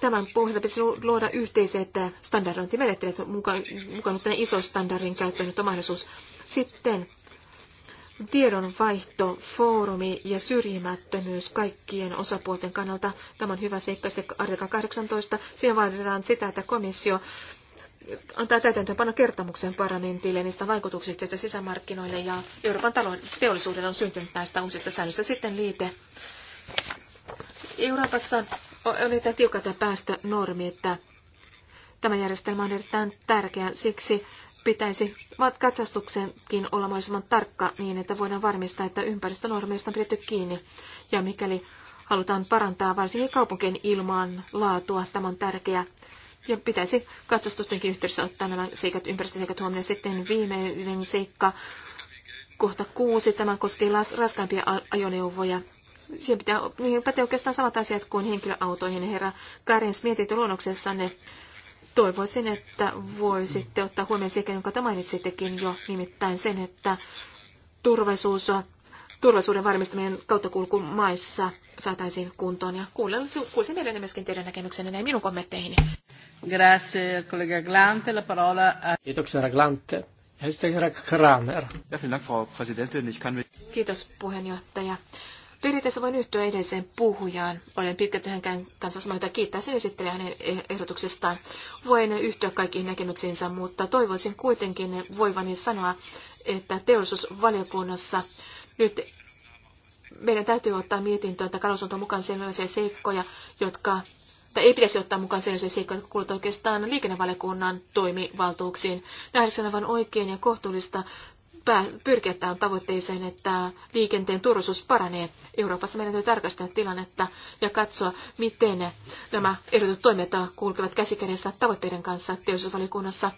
tämän pohjalta pitäisi luoda yhteiset standardointimenettelyt, mukaan, mukaan tämän iso standardin käyttöönotto mahdollisuus. Sitten tiedonvaihto, foorumi ja syrjimättömyys kaikkien osapuolten kannalta. Tämä on hyvä seikka, artikla 18. Siinä vaaditaan sitä, että komissio antaa täytäntöönpano kertomuksen parlamentille niistä vaikutuksista, joita sisämarkkinoille ja Euroopan talouden teollisuudelle on syntynyt näistä uusista säännöistä. Sitten liite. Euroopassa on erittäin tämä päästönormi, että tämä järjestelmä on erittäin tärkeä. Siksi pitäisi katsastuksenkin olla mahdollisimman tarkka niin, että voidaan varmistaa, että ympäristönormeista on pidetty kiinni. Ja mikäli halutaan parantaa varsinkin kaupunkien ilman laatua, tämä on tärkeä. Ja pitäisi katsastustenkin yhteydessä ottaa nämä seikat, ympäristöseikat huomioon. Sitten viimeinen seikka, kohta kuusi, tämä koskee raskaampia ajoneuvoja. Siihen pitää, niin pätee oikeastaan samat asiat kuin henkilöautoihin. Herra Karens, mietit luonnoksessanne. Toivoisin, että voisitte ottaa huomioon sekä, jonka te mainitsittekin jo, nimittäin sen, että turvallisuus, turvallisuuden varmistaminen kauttakulku maissa saataisiin kuntoon. Ja kuulisin mielelläni myöskin teidän näkemyksenne ja minun kommentteihini. Grazie, collega Glante. La parola Kiitoksia, herra Glante. Ja sitten herra Kramer. Ja, Kiitos, puheenjohtaja. Periaatteessa voin yhtyä edelliseen puhujaan. Olen pitkä tähän kanssa samaa että kiittää sen esittelijä hänen eh- ehdotuksestaan. Voin yhtyä kaikkiin näkemyksiinsä, mutta toivoisin kuitenkin voivani sanoa, että teollisuusvaliokunnassa nyt meidän täytyy ottaa mietintöön tai on mukaan sellaisia seikkoja, jotka tai ei pitäisi ottaa mukaan sellaisia seikkoja, jotka kuuluvat oikeastaan liikennevaliokunnan toimivaltuuksiin. Nähdäkseni aivan oikein ja kohtuullista pyrkiä tähän tavoitteeseen, että liikenteen turvallisuus paranee. Euroopassa meidän täytyy tarkastella tilannetta ja katsoa, miten nämä ehdotut toimet kulkevat käsikädessä tavoitteiden kanssa teollisuusvaliokunnassa.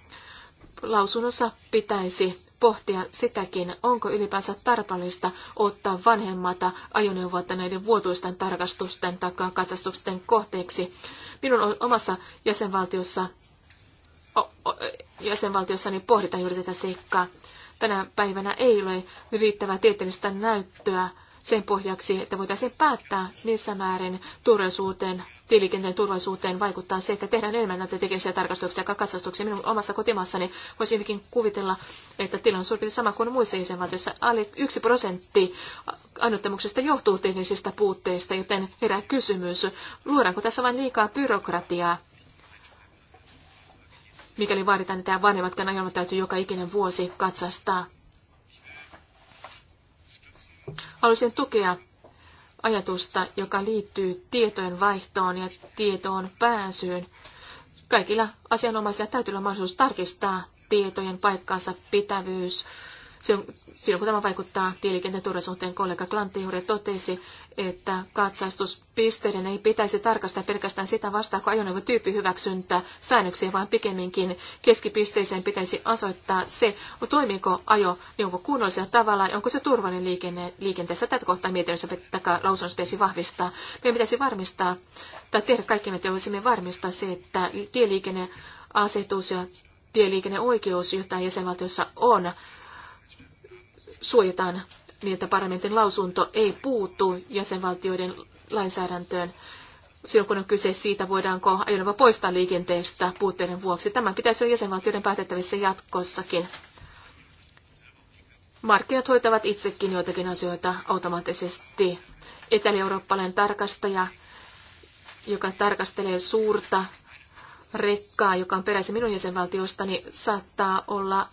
Lausunnossa pitäisi pohtia sitäkin, onko ylipäänsä tarpeellista ottaa vanhemmata ajoneuvoa näiden vuotuisten tarkastusten takaa katsastusten kohteeksi. Minun omassa jäsenvaltiossa, jäsenvaltiossani pohditaan juuri tätä seikkaa tänä päivänä ei ole riittävää tieteellistä näyttöä sen pohjaksi, että voitaisiin päättää, missä määrin turvallisuuteen, tieliikenteen turvallisuuteen vaikuttaa se, että tehdään enemmän näitä teknisiä tarkastuksia ja katsastuksia. Minun omassa kotimaassani voisi hyvinkin kuvitella, että tilanne on suurin sama kuin muissa jäsenvaltioissa. Alle yksi prosentti annottamuksesta johtuu teknisistä puutteista, joten herää kysymys, luodaanko tässä vain liikaa byrokratiaa mikäli vaaditaan, että vanhemmatkaan ajoneuvo täytyy joka ikinen vuosi katsastaa. Haluaisin tukea ajatusta, joka liittyy tietojen vaihtoon ja tietoon pääsyyn. Kaikilla asianomaisilla täytyy olla mahdollisuus tarkistaa tietojen paikkaansa pitävyys Silloin kun tämä vaikuttaa tieliikenteen turvallisuuteen, kollega Klantti juuri totesi, että katsastuspisteiden ei pitäisi tarkastaa pelkästään sitä kun ajoneuvo hyväksyntää säännöksiä, vaan pikemminkin keskipisteeseen pitäisi asoittaa se, toimiiko ajo neuvo kunnollisella tavalla ja onko se turvallinen liikenne, liikenteessä. Tätä kohtaa mietinnössä pitää lausunnossa vahvistaa. Meidän pitäisi varmistaa tai tehdä kaikki, että voisimme varmistaa se, että tieliikenneasetus ja tieliikenneoikeus, jota jäsenvaltiossa on, suojataan niin, että parlamentin lausunto ei puutu jäsenvaltioiden lainsäädäntöön silloin, kun on kyse siitä, voidaanko ajoneuvo poistaa liikenteestä puutteiden vuoksi. Tämä pitäisi olla jäsenvaltioiden päätettävissä jatkossakin. Markkinat hoitavat itsekin joitakin asioita automaattisesti. Etelä-eurooppalainen tarkastaja, joka tarkastelee suurta rekkaa, joka on peräisin minun jäsenvaltiostani, saattaa olla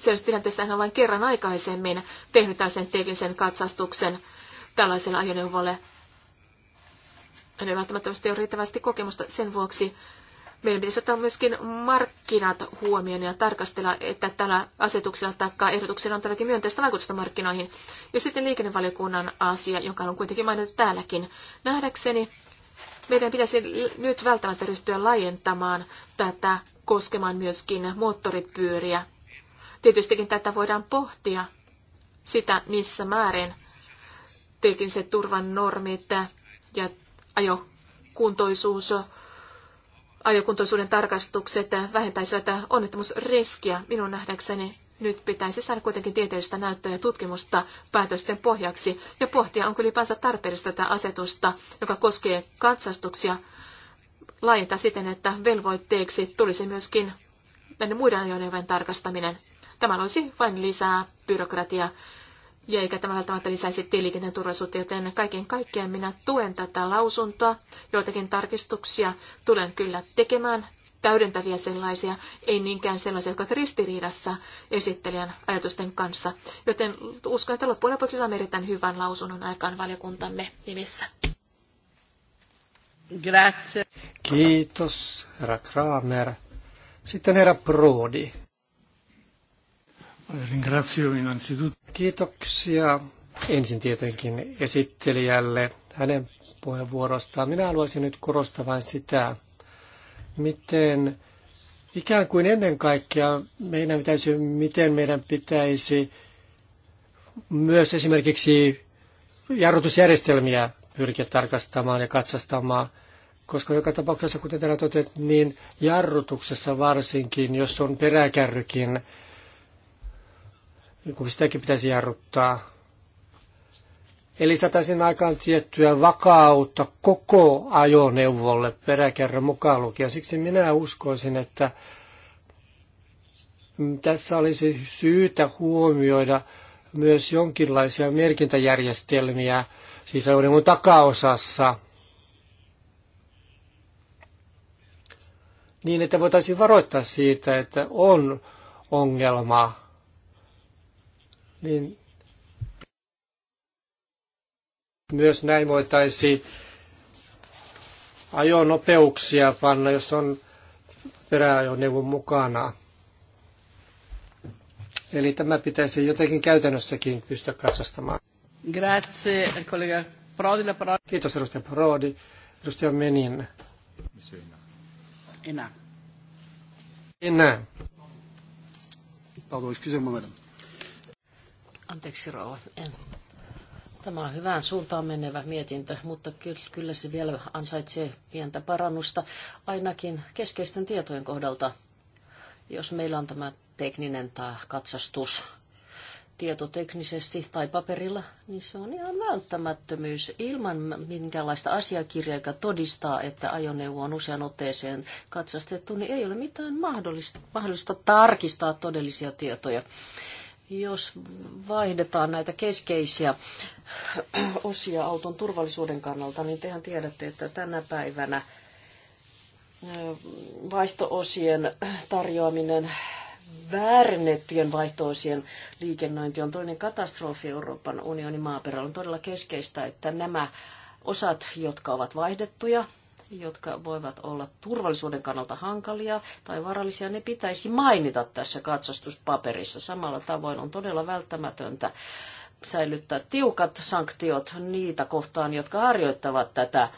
Sellaisessa tilanteessa hän on vain kerran aikaisemmin tehnyt tällaisen teknisen katsastuksen tällaiselle ajoneuvolle. ei välttämättä ole riittävästi kokemusta sen vuoksi. Meidän pitäisi ottaa myöskin markkinat huomioon ja tarkastella, että tällä asetuksella tai ehdotuksella on todellakin myönteistä vaikutusta markkinoihin. Ja sitten liikennevaliokunnan asia, jonka on kuitenkin mainittu täälläkin. Nähdäkseni meidän pitäisi nyt välttämättä ryhtyä laajentamaan tätä koskemaan myöskin moottoripyöriä Tietystikin tätä voidaan pohtia sitä, missä määrin tekin se turvan että ja ajokuntoisuus, ajokuntoisuuden tarkastukset vähentäisivät onnettomuusriskiä. Minun nähdäkseni nyt pitäisi saada kuitenkin tieteellistä näyttöä ja tutkimusta päätösten pohjaksi ja pohtia, onko ylipäänsä tarpeellista tätä asetusta, joka koskee katsastuksia, laajentaa siten, että velvoitteeksi tulisi myöskin näiden muiden ajoneuvojen tarkastaminen. Tämä olisi vain lisää byrokratiaa ja eikä tämä välttämättä lisäisi tieliikenteen turvallisuutta, joten kaiken kaikkiaan minä tuen tätä lausuntoa. Joitakin tarkistuksia tulen kyllä tekemään, täydentäviä sellaisia, ei niinkään sellaisia, jotka ovat ristiriidassa esittelijän ajatusten kanssa. Joten uskon, että loppujen lopuksi saamme erittäin hyvän lausunnon aikaan valiokuntamme nimissä. Grazie. Kiitos, herra Kramer. Sitten herra Brodi. Ringrazio innanzitutto. Kiitoksia ensin tietenkin esittelijälle hänen puheenvuorostaan. Minä haluaisin nyt korostaa vain sitä, miten ikään kuin ennen kaikkea meidän pitäisi, miten meidän pitäisi myös esimerkiksi jarrutusjärjestelmiä pyrkiä tarkastamaan ja katsastamaan, koska joka tapauksessa, kuten täällä totet, niin jarrutuksessa varsinkin, jos on peräkärrykin, kun sitäkin pitäisi jarruttaa. Eli saataisiin aikaan tiettyä vakautta koko ajoneuvolle peräkerran mukaan lukien. Siksi minä uskoisin, että tässä olisi syytä huomioida myös jonkinlaisia merkintäjärjestelmiä, siis ajoneuvon takaosassa, niin että voitaisiin varoittaa siitä, että on ongelma niin myös näin voitaisiin ajonopeuksia panna, jos on peräajoneuvon mukana. Eli tämä pitäisi jotenkin käytännössäkin pystyä katsastamaan. Grazie, kollega Prodi. La parola. Kiitos, edustaja Prodi. Edustaja Menin. Enää. Enää. Pardon, excusez-moi, madame. Anteeksi Rauha, en. Tämä on hyvään suuntaan menevä mietintö, mutta kyllä se vielä ansaitsee pientä parannusta, ainakin keskeisten tietojen kohdalta, jos meillä on tämä tekninen tai katsastus tietoteknisesti tai paperilla, niin se on ihan välttämättömyys ilman minkäänlaista asiakirjaa, joka todistaa, että ajoneuvo on usean otteeseen katsastettu, niin ei ole mitään mahdollista, mahdollista tarkistaa todellisia tietoja jos vaihdetaan näitä keskeisiä osia auton turvallisuuden kannalta, niin tehän tiedätte, että tänä päivänä vaihtoosien tarjoaminen väärennettyjen vaihtoosien liikennöinti on toinen katastrofi Euroopan unionin maaperällä. On todella keskeistä, että nämä osat, jotka ovat vaihdettuja, jotka voivat olla turvallisuuden kannalta hankalia tai varallisia, ne pitäisi mainita tässä katsastuspaperissa. Samalla tavoin on todella välttämätöntä säilyttää tiukat sanktiot niitä kohtaan, jotka harjoittavat tätä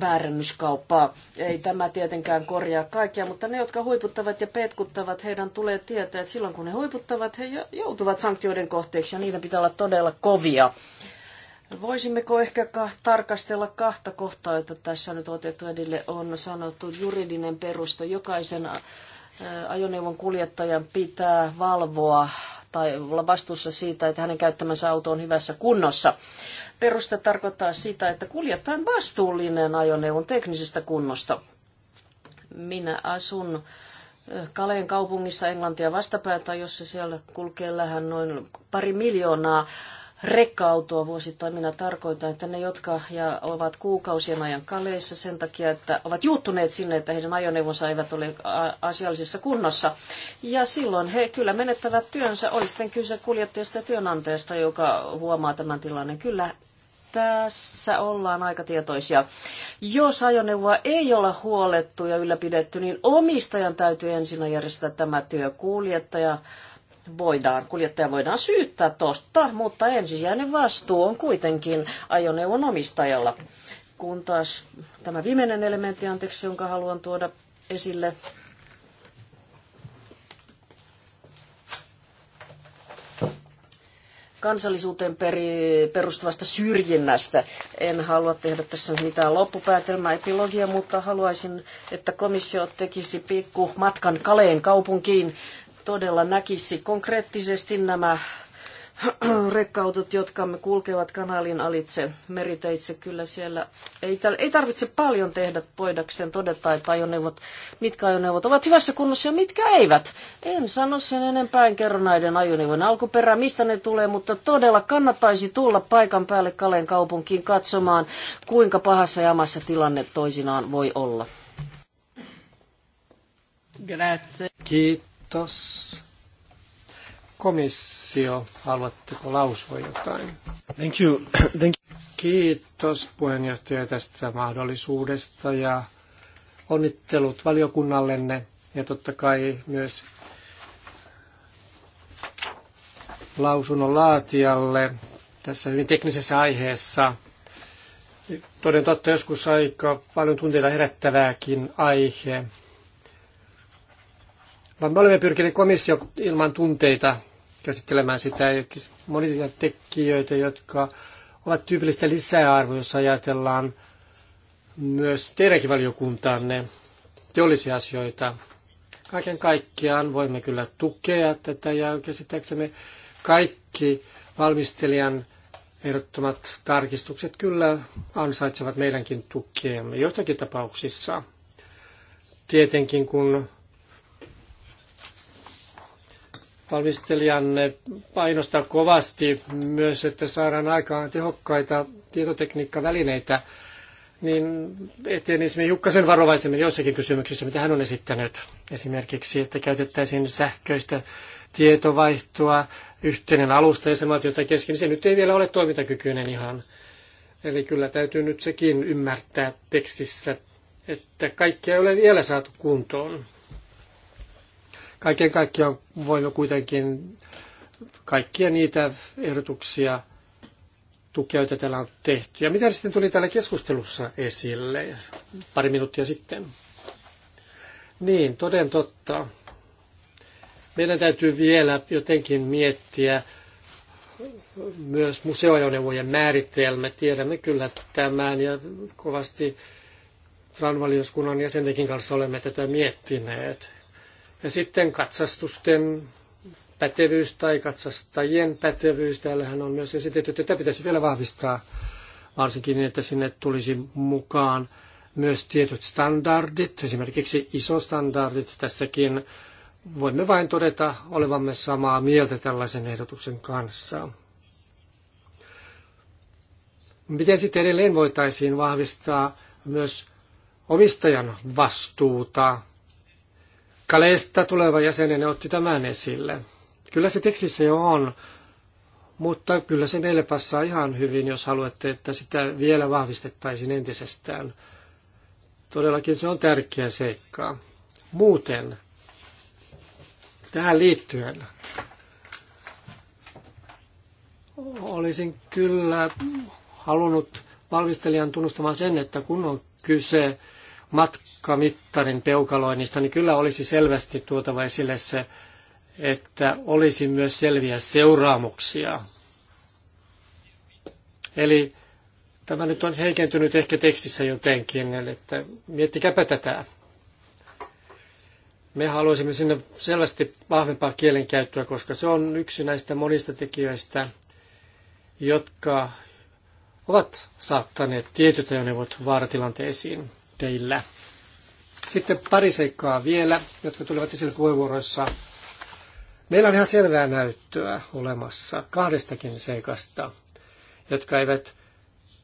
väärennyskauppaa. Ei tämä tietenkään korjaa kaikkia, mutta ne, jotka huiputtavat ja petkuttavat, heidän tulee tietää, että silloin kun he huiputtavat, he joutuvat sanktioiden kohteeksi ja niiden pitää olla todella kovia. Voisimmeko ehkä ka- tarkastella kahta kohtaa, että tässä nyt otettu edelle on sanottu juridinen perusta. Jokaisen ajoneuvon kuljettajan pitää valvoa tai olla vastuussa siitä, että hänen käyttämänsä auto on hyvässä kunnossa. Peruste tarkoittaa sitä, että kuljettaja on vastuullinen ajoneuvon teknisestä kunnosta. Minä asun Kaleen kaupungissa Englantia vastapäätä, jossa siellä kulkee lähän noin pari miljoonaa rekka-autoa vuositoimina tarkoitan, että ne, jotka ja ovat kuukausien ajan kaleissa sen takia, että ovat juuttuneet sinne, että heidän ajoneuvonsa eivät ole asiallisessa kunnossa. Ja silloin he kyllä menettävät työnsä, oli sitten kyse kuljettajasta ja työnantajasta, joka huomaa tämän tilanne. Kyllä tässä ollaan aika tietoisia. Jos ajoneuvoa ei ole huolettu ja ylläpidetty, niin omistajan täytyy ensin järjestää tämä työ kuljettaja voidaan, kuljettaja voidaan syyttää tosta, mutta ensisijainen vastuu on kuitenkin ajoneuvon omistajalla. Kun taas tämä viimeinen elementti, anteeksi, jonka haluan tuoda esille, kansallisuuteen perustuvasta syrjinnästä. En halua tehdä tässä mitään loppupäätelmää, epilogia, mutta haluaisin, että komissio tekisi pikku matkan Kaleen kaupunkiin todella näkisi konkreettisesti nämä rekkautot, jotka me kulkevat kanalin alitse meriteitse. Kyllä siellä ei, ei tarvitse paljon tehdä voidakseen todeta, että ajoneuvot, mitkä ajoneuvot ovat hyvässä kunnossa ja mitkä eivät. En sano sen enempää, en kerro näiden ajoneuvon alkuperää, mistä ne tulee, mutta todella kannattaisi tulla paikan päälle Kalen kaupunkiin katsomaan, kuinka pahassa jamassa tilanne toisinaan voi olla. Grazie. Kiitos. Kiitos. Komissio, haluatteko lausua jotain? Thank you. Thank you. Kiitos puheenjohtaja tästä mahdollisuudesta ja onnittelut valiokunnallenne ja totta kai myös lausunnon laatijalle tässä hyvin teknisessä aiheessa. Toden totta joskus aika paljon tunteita herättävääkin aihe vaan me olemme pyrkineet komissio ilman tunteita käsittelemään sitä. Monia tekijöitä, jotka ovat tyypillistä lisäarvoa, jos ajatellaan myös teidänkin valiokuntaanne teollisia asioita. Kaiken kaikkiaan voimme kyllä tukea tätä ja käsittääksemme kaikki valmistelijan ehdottomat tarkistukset kyllä ansaitsevat meidänkin tukeemme joissakin tapauksissa. Tietenkin kun valmistelijanne painostaa kovasti myös, että saadaan aikaan tehokkaita tietotekniikkavälineitä, niin etenisimme hiukkasen varovaisemmin joissakin kysymyksissä, mitä hän on esittänyt. Esimerkiksi, että käytettäisiin sähköistä tietovaihtoa, yhteinen alusta ja samat, jota kesken, niin se nyt ei vielä ole toimintakykyinen ihan. Eli kyllä täytyy nyt sekin ymmärtää tekstissä, että kaikkea ei ole vielä saatu kuntoon. Kaiken kaikkiaan voimme kuitenkin kaikkia niitä ehdotuksia tukea, joita täällä on tehty. Ja mitä sitten tuli täällä keskustelussa esille pari minuuttia sitten? Niin, toden totta. Meidän täytyy vielä jotenkin miettiä myös museoajoneuvojen määritelmä. Tiedämme kyllä tämän ja kovasti Tranvaliuskunnan jäsentenkin kanssa olemme tätä miettineet. Ja sitten katsastusten pätevyys tai katsastajien pätevyys. Täällähän on myös esitetty, että tätä pitäisi vielä vahvistaa, varsinkin niin, että sinne tulisi mukaan myös tietyt standardit, esimerkiksi ISO-standardit. Tässäkin voimme vain todeta olevamme samaa mieltä tällaisen ehdotuksen kanssa. Miten sitten edelleen voitaisiin vahvistaa myös omistajan vastuuta Kaleesta tuleva jäsenenä otti tämän esille. Kyllä se tekstissä jo on, mutta kyllä se meille passaa ihan hyvin, jos haluatte, että sitä vielä vahvistettaisiin entisestään. Todellakin se on tärkeä seikka. Muuten, tähän liittyen, olisin kyllä halunnut valmistelijan tunnustamaan sen, että kun on kyse matkamittarin peukaloinnista, niin kyllä olisi selvästi tuotava esille se, että olisi myös selviä seuraamuksia. Eli tämä nyt on heikentynyt ehkä tekstissä jotenkin, eli että miettikääpä tätä. Me haluaisimme sinne selvästi vahvempaa kielenkäyttöä, koska se on yksi näistä monista tekijöistä, jotka ovat saattaneet tietyt ajoneuvot vaaratilanteisiin teillä. Sitten pari seikkaa vielä, jotka tulivat esille puheenvuoroissa. Meillä on ihan selvää näyttöä olemassa kahdestakin seikasta, jotka eivät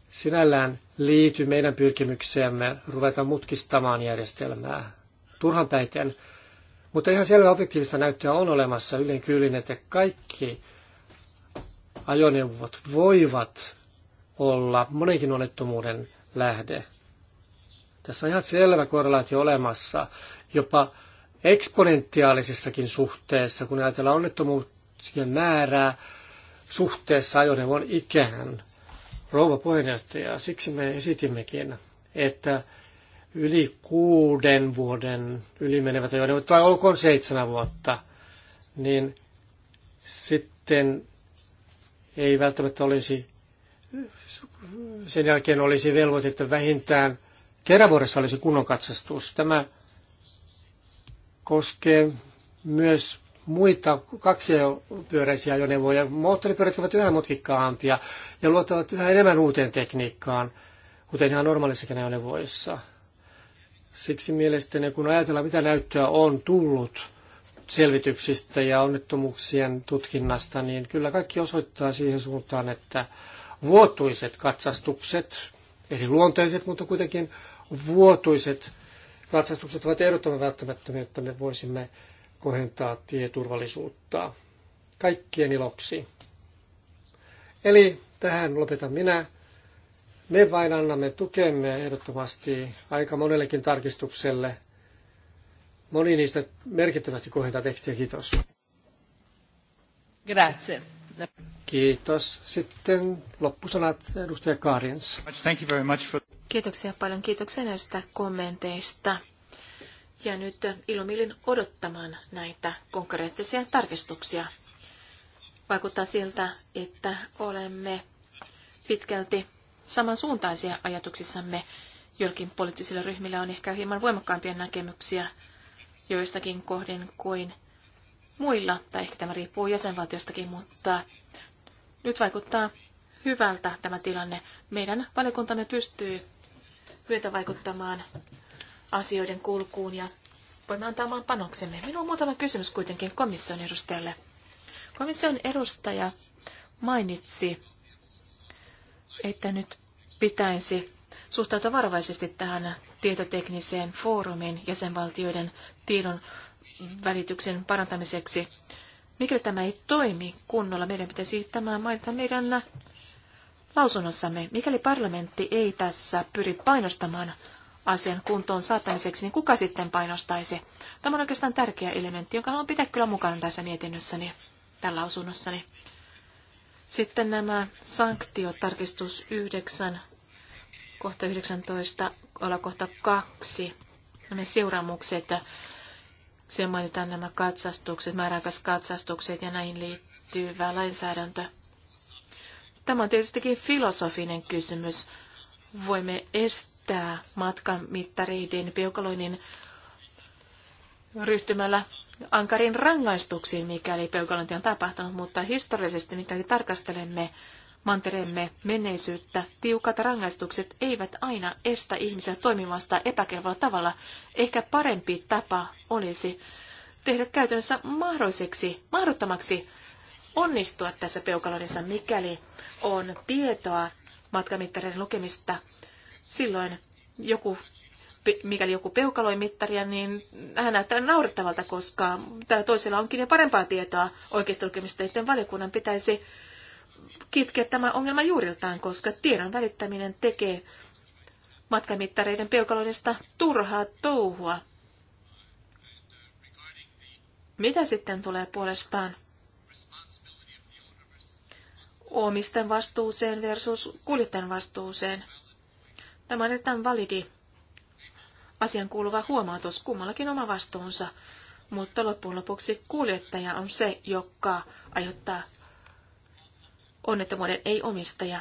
sinällään liity meidän pyrkimykseemme ruveta mutkistamaan järjestelmää turhan päiten. Mutta ihan selvä objektiivista näyttöä on olemassa ylen kyllin, että kaikki ajoneuvot voivat olla monenkin onnettomuuden lähde. Tässä on ihan selvä korrelaatio olemassa, jopa eksponentiaalisessakin suhteessa, kun ajatellaan onnettomuuksien määrää suhteessa ajoneuvon ikään. Rouva puheenjohtaja, siksi me esitimmekin, että yli kuuden vuoden ylimenevät ajoneuvot, tai olkoon seitsemän vuotta, niin sitten ei välttämättä olisi, sen jälkeen olisi velvoitettu vähintään – kerran vuodessa olisi kunnon katsastus. Tämä koskee myös muita kaksipyöräisiä ajoneuvoja. Moottoripyörät ovat yhä mutkikkaampia ja luottavat yhä enemmän uuteen tekniikkaan, kuten ihan normaalissakin ajoneuvoissa. Siksi mielestäni, kun ajatellaan, mitä näyttöä on tullut selvityksistä ja onnettomuuksien tutkinnasta, niin kyllä kaikki osoittaa siihen suuntaan, että vuotuiset katsastukset eri luonteiset, mutta kuitenkin vuotuiset katsastukset ovat ehdottoman välttämättömiä, että me voisimme kohentaa tieturvallisuutta kaikkien iloksi. Eli tähän lopetan minä. Me vain annamme tukemme ehdottomasti aika monellekin tarkistukselle. Moni niistä merkittävästi kohentaa tekstiä. Kiitos. Grazie. Kiitos. Sitten loppusanat edustaja Kaarins. Kiitoksia paljon. Kiitoksia näistä kommenteista. Ja nyt ilomielin odottamaan näitä konkreettisia tarkistuksia. Vaikuttaa siltä, että olemme pitkälti samansuuntaisia ajatuksissamme. Jolkin poliittisilla ryhmillä on ehkä hieman voimakkaampia näkemyksiä joissakin kohdin kuin muilla, tai ehkä tämä riippuu jäsenvaltiostakin, mutta nyt vaikuttaa hyvältä tämä tilanne. Meidän valiokuntamme pystyy myötä vaikuttamaan asioiden kulkuun ja voimme antaa oman panoksemme. Minulla on muutama kysymys kuitenkin komission edustajalle. Komission edustaja mainitsi, että nyt pitäisi suhtautua varovaisesti tähän tietotekniseen foorumin jäsenvaltioiden tiedon välityksen parantamiseksi. Mikäli tämä ei toimi kunnolla, meidän pitäisi tämä mainita meidän lausunnossamme. Mikäli parlamentti ei tässä pyri painostamaan asian kuntoon saattamiseksi, niin kuka sitten painostaisi? Tämä on oikeastaan tärkeä elementti, jonka haluan pitää kyllä mukana tässä mietinnössäni, tällä lausunnossani. Sitten nämä sanktiot, tarkistus 9, kohta 19, olla kohta 2, nämä seuraamukset siellä mainitaan nämä katsastukset, määräaikaiskatsastukset ja näihin liittyvä lainsäädäntö. Tämä on tietystikin filosofinen kysymys. Voimme estää matkan mittareiden peukaloinnin ryhtymällä ankarin rangaistuksiin, mikäli peukalointi on tapahtunut, mutta historiallisesti, mikäli tarkastelemme mantereemme menneisyyttä, tiukat rangaistukset eivät aina estä ihmisiä toimimasta epäkelvolla tavalla. Ehkä parempi tapa olisi tehdä käytännössä mahdolliseksi, mahdottomaksi onnistua tässä peukaloidessa, mikäli on tietoa matkamittareiden lukemista. Silloin joku, mikäli joku peukaloi mittaria, niin hän näyttää naurettavalta, koska tällä toisella onkin jo parempaa tietoa oikeista lukemista, joten valiokunnan pitäisi kitkeä tämä ongelma juuriltaan, koska tiedon välittäminen tekee matkamittareiden peukaloidesta turhaa touhua. Mitä sitten tulee puolestaan omisten vastuuseen versus kuljettajan vastuuseen? Tämä on erittäin validi asian kuuluva huomautus, kummallakin oma vastuunsa, mutta loppujen lopuksi kuljettaja on se, joka aiheuttaa onnettomuuden ei-omistaja.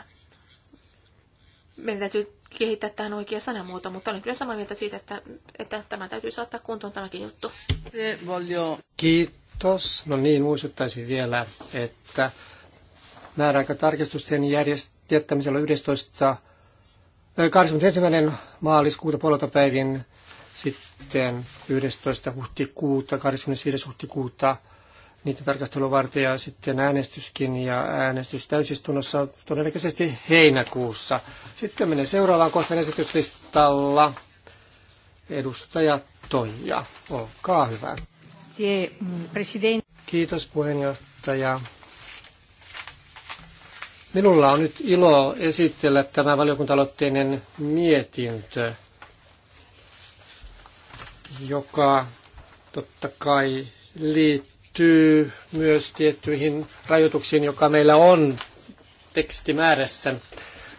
Meidän täytyy kehittää tähän oikea sanamuoto, mutta olen kyllä samaa mieltä siitä, että, että tämä täytyy saattaa kuntoon tämäkin juttu. Kiitos. No niin, muistuttaisin vielä, että määräaika tarkistusten järjestämisellä 11. 21. maaliskuuta puolelta päivin, sitten 11. huhtikuuta, 25. huhtikuuta niitä tarkastelua varten ja sitten äänestyskin ja äänestys täysistunnossa todennäköisesti heinäkuussa. Sitten menee seuraavaan kohtaan esityslistalla. Edustaja Toija, olkaa hyvä. Mm, Kiitos puheenjohtaja. Minulla on nyt ilo esitellä tämä valiokuntaloitteinen mietintö, joka totta kai liittyy liittyy myös tiettyihin rajoituksiin, joka meillä on tekstimäärässä.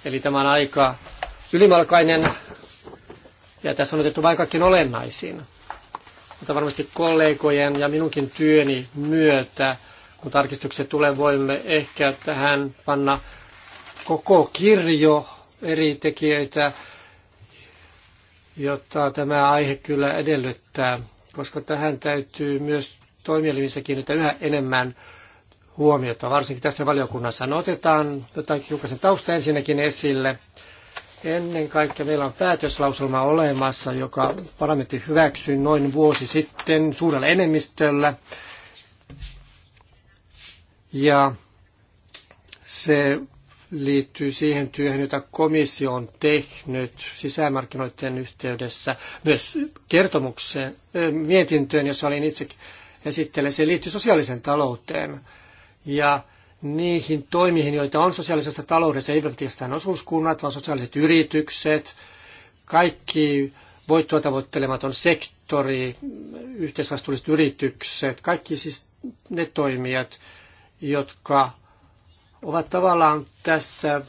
Eli tämä on aika ylimalkainen ja tässä on otettu vain kaikkein Mutta varmasti kollegojen ja minunkin työni myötä, kun tarkistukset tulee, voimme ehkä tähän panna koko kirjo eri tekijöitä, jotta tämä aihe kyllä edellyttää, koska tähän täytyy myös toimielimissä kiinnitetään yhä enemmän huomiota, varsinkin tässä valiokunnassa. No otetaan jotain hiukan tausta ensinnäkin esille. Ennen kaikkea meillä on päätöslauselma olemassa, joka parlamentti hyväksyi noin vuosi sitten suurella enemmistöllä. Ja se liittyy siihen työhön, jota komissio on tehnyt sisämarkkinoiden yhteydessä, myös kertomukseen, mietintöön, jossa olin itsekin esittelee, se liittyy sosiaaliseen talouteen ja niihin toimiin, joita on sosiaalisessa taloudessa, ei pelkästään osuuskunnat, vaan sosiaaliset yritykset, kaikki voittoa tavoittelematon sektori, yhteisvastuulliset yritykset, kaikki siis ne toimijat, jotka ovat tavallaan tässä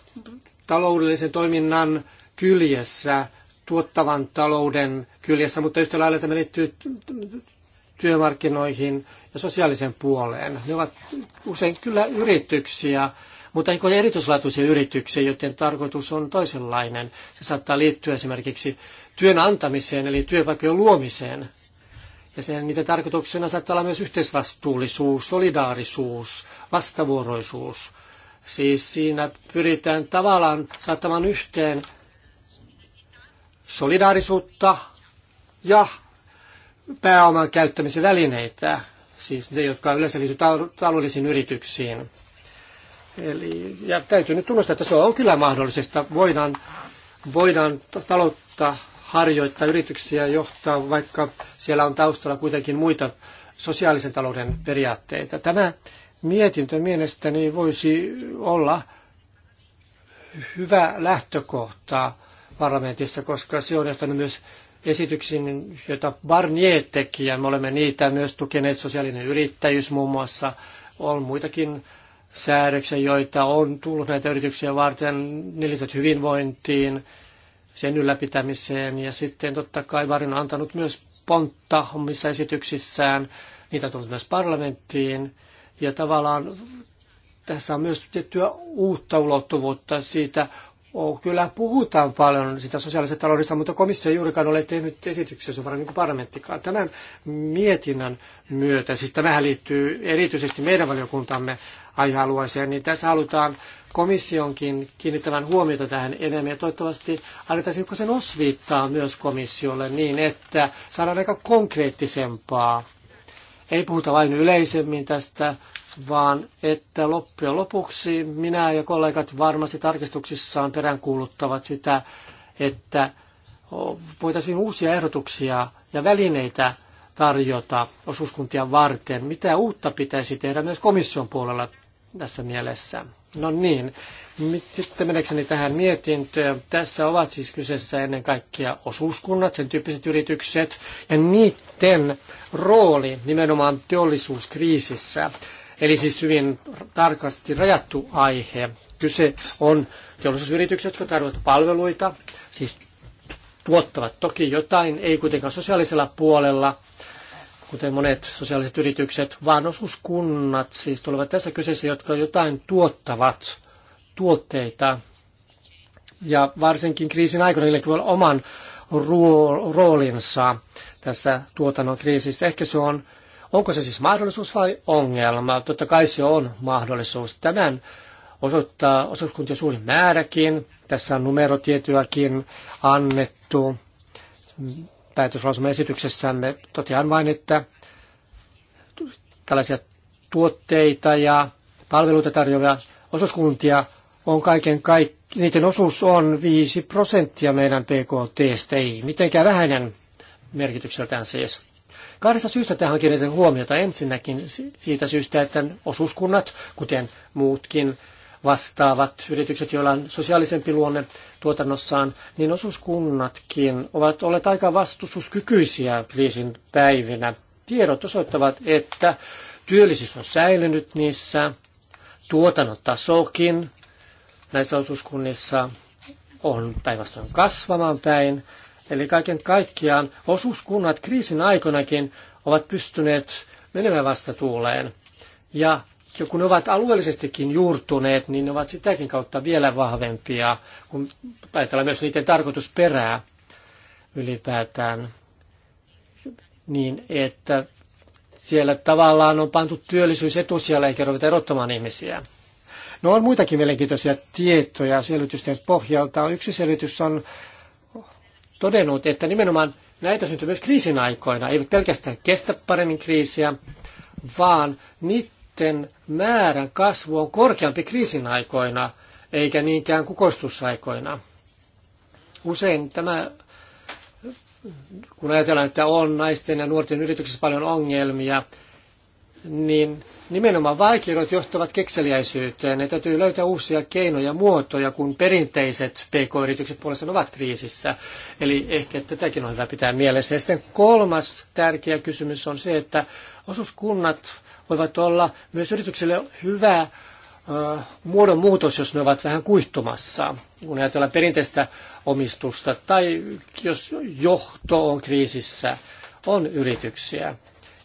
taloudellisen toiminnan kyljessä, tuottavan talouden kyljessä, mutta yhtä lailla tämä liittyy työmarkkinoihin ja sosiaalisen puoleen. Ne ovat usein kyllä yrityksiä, mutta ei erityislaatuisia yrityksiä, joten tarkoitus on toisenlainen. Se saattaa liittyä esimerkiksi työn antamiseen, eli työpaikkojen luomiseen. Ja sen niiden tarkoituksena saattaa olla myös yhteisvastuullisuus, solidaarisuus, vastavuoroisuus. Siis siinä pyritään tavallaan saattamaan yhteen solidaarisuutta ja pääoman käyttämisen välineitä, siis ne, jotka yleensä liittyvät taloudellisiin yrityksiin. Eli, ja täytyy nyt tunnustaa, että se on kyllä mahdollista. Voidaan, voidaan taloutta harjoittaa, yrityksiä johtaa, vaikka siellä on taustalla kuitenkin muita sosiaalisen talouden periaatteita. Tämä mietintö mielestäni voisi olla hyvä lähtökohta parlamentissa, koska se on johtanut myös esityksiin, joita Barnier teki, ja me olemme niitä myös tukeneet, sosiaalinen yrittäjyys muun muassa, on muitakin säädöksiä, joita on tullut näitä yrityksiä varten, ne hyvinvointiin, sen ylläpitämiseen, ja sitten totta kai Barnier on antanut myös pontta omissa esityksissään, niitä on tullut myös parlamenttiin, ja tavallaan tässä on myös tiettyä uutta ulottuvuutta siitä Oh, kyllä puhutaan paljon sitä sosiaalisesta taloudesta, mutta komissio ei juurikaan ole tehnyt esityksessä varmaan niin kuin parlamenttikaan. Tämän mietinnän myötä, siis tämähän liittyy erityisesti meidän valiokuntamme aihealueeseen, niin tässä halutaan komissionkin kiinnittävän huomiota tähän enemmän. Ja toivottavasti annetaan sen osviittaa myös komissiolle niin, että saadaan aika konkreettisempaa. Ei puhuta vain yleisemmin tästä vaan että loppujen lopuksi minä ja kollegat varmasti tarkistuksissaan peräänkuuluttavat sitä, että voitaisiin uusia ehdotuksia ja välineitä tarjota osuuskuntia varten. Mitä uutta pitäisi tehdä myös komission puolella tässä mielessä? No niin, sitten menekseni tähän mietintöön. Tässä ovat siis kyseessä ennen kaikkea osuuskunnat, sen tyyppiset yritykset ja niiden rooli nimenomaan teollisuuskriisissä. Eli siis hyvin tarkasti rajattu aihe. Kyse on teollisuusyritykset, jotka tarvitsevat palveluita, siis tuottavat toki jotain, ei kuitenkaan sosiaalisella puolella, kuten monet sosiaaliset yritykset, vaan osuuskunnat siis tulevat tässä kyseessä, jotka jotain tuottavat tuotteita. Ja varsinkin kriisin aikana niillä voi olla oman roolinsa tässä tuotannon kriisissä. Ehkä se on Onko se siis mahdollisuus vai ongelma? Totta kai se on mahdollisuus. Tämän osoittaa osuuskuntien suuri määräkin. Tässä on numerotietyäkin annettu esityksessämme. Totean vain, että tällaisia tuotteita ja palveluita tarjoavia osuuskuntia on kaiken kaikki, niiden osuus on 5 prosenttia meidän PKTstä, ei mitenkään vähäinen merkitykseltään siis. Kahdesta syystä tähän on kiinnitetty huomiota. Ensinnäkin siitä syystä, että osuuskunnat, kuten muutkin vastaavat yritykset, joilla on sosiaalisempi luonne tuotannossaan, niin osuuskunnatkin ovat olleet aika vastustuskykyisiä kriisin päivinä. Tiedot osoittavat, että työllisyys on säilynyt niissä, tasokin näissä osuuskunnissa on päinvastoin kasvamaan päin, Eli kaiken kaikkiaan osuuskunnat kriisin aikonakin ovat pystyneet menemään vastatuuleen. Ja kun ne ovat alueellisestikin juurtuneet, niin ne ovat sitäkin kautta vielä vahvempia, kun ajatellaan myös niiden tarkoitusperää ylipäätään. Niin, että siellä tavallaan on pantu työllisyys etusijalle eikä ruveta erottamaan ihmisiä. No on muitakin mielenkiintoisia tietoja selvitysten pohjalta. Yksi selvitys on todennut, että nimenomaan näitä syntyy myös kriisin aikoina. Eivät pelkästään kestä paremmin kriisiä, vaan niiden määrän kasvu on korkeampi kriisin aikoina, eikä niinkään kukoistusaikoina. Usein tämä, kun ajatellaan, että on naisten ja nuorten yrityksissä paljon ongelmia, niin Nimenomaan vaikeudet johtavat kekseliäisyyteen. Ne täytyy löytää uusia keinoja muotoja, kun perinteiset pk-yritykset puolestaan ovat kriisissä. Eli ehkä tätäkin on hyvä pitää mielessä. Ja sitten kolmas tärkeä kysymys on se, että osuuskunnat voivat olla myös yrityksille hyvä muodonmuutos, jos ne ovat vähän kuihtumassa, kun ajatellaan perinteistä omistusta, tai jos johto on kriisissä, on yrityksiä,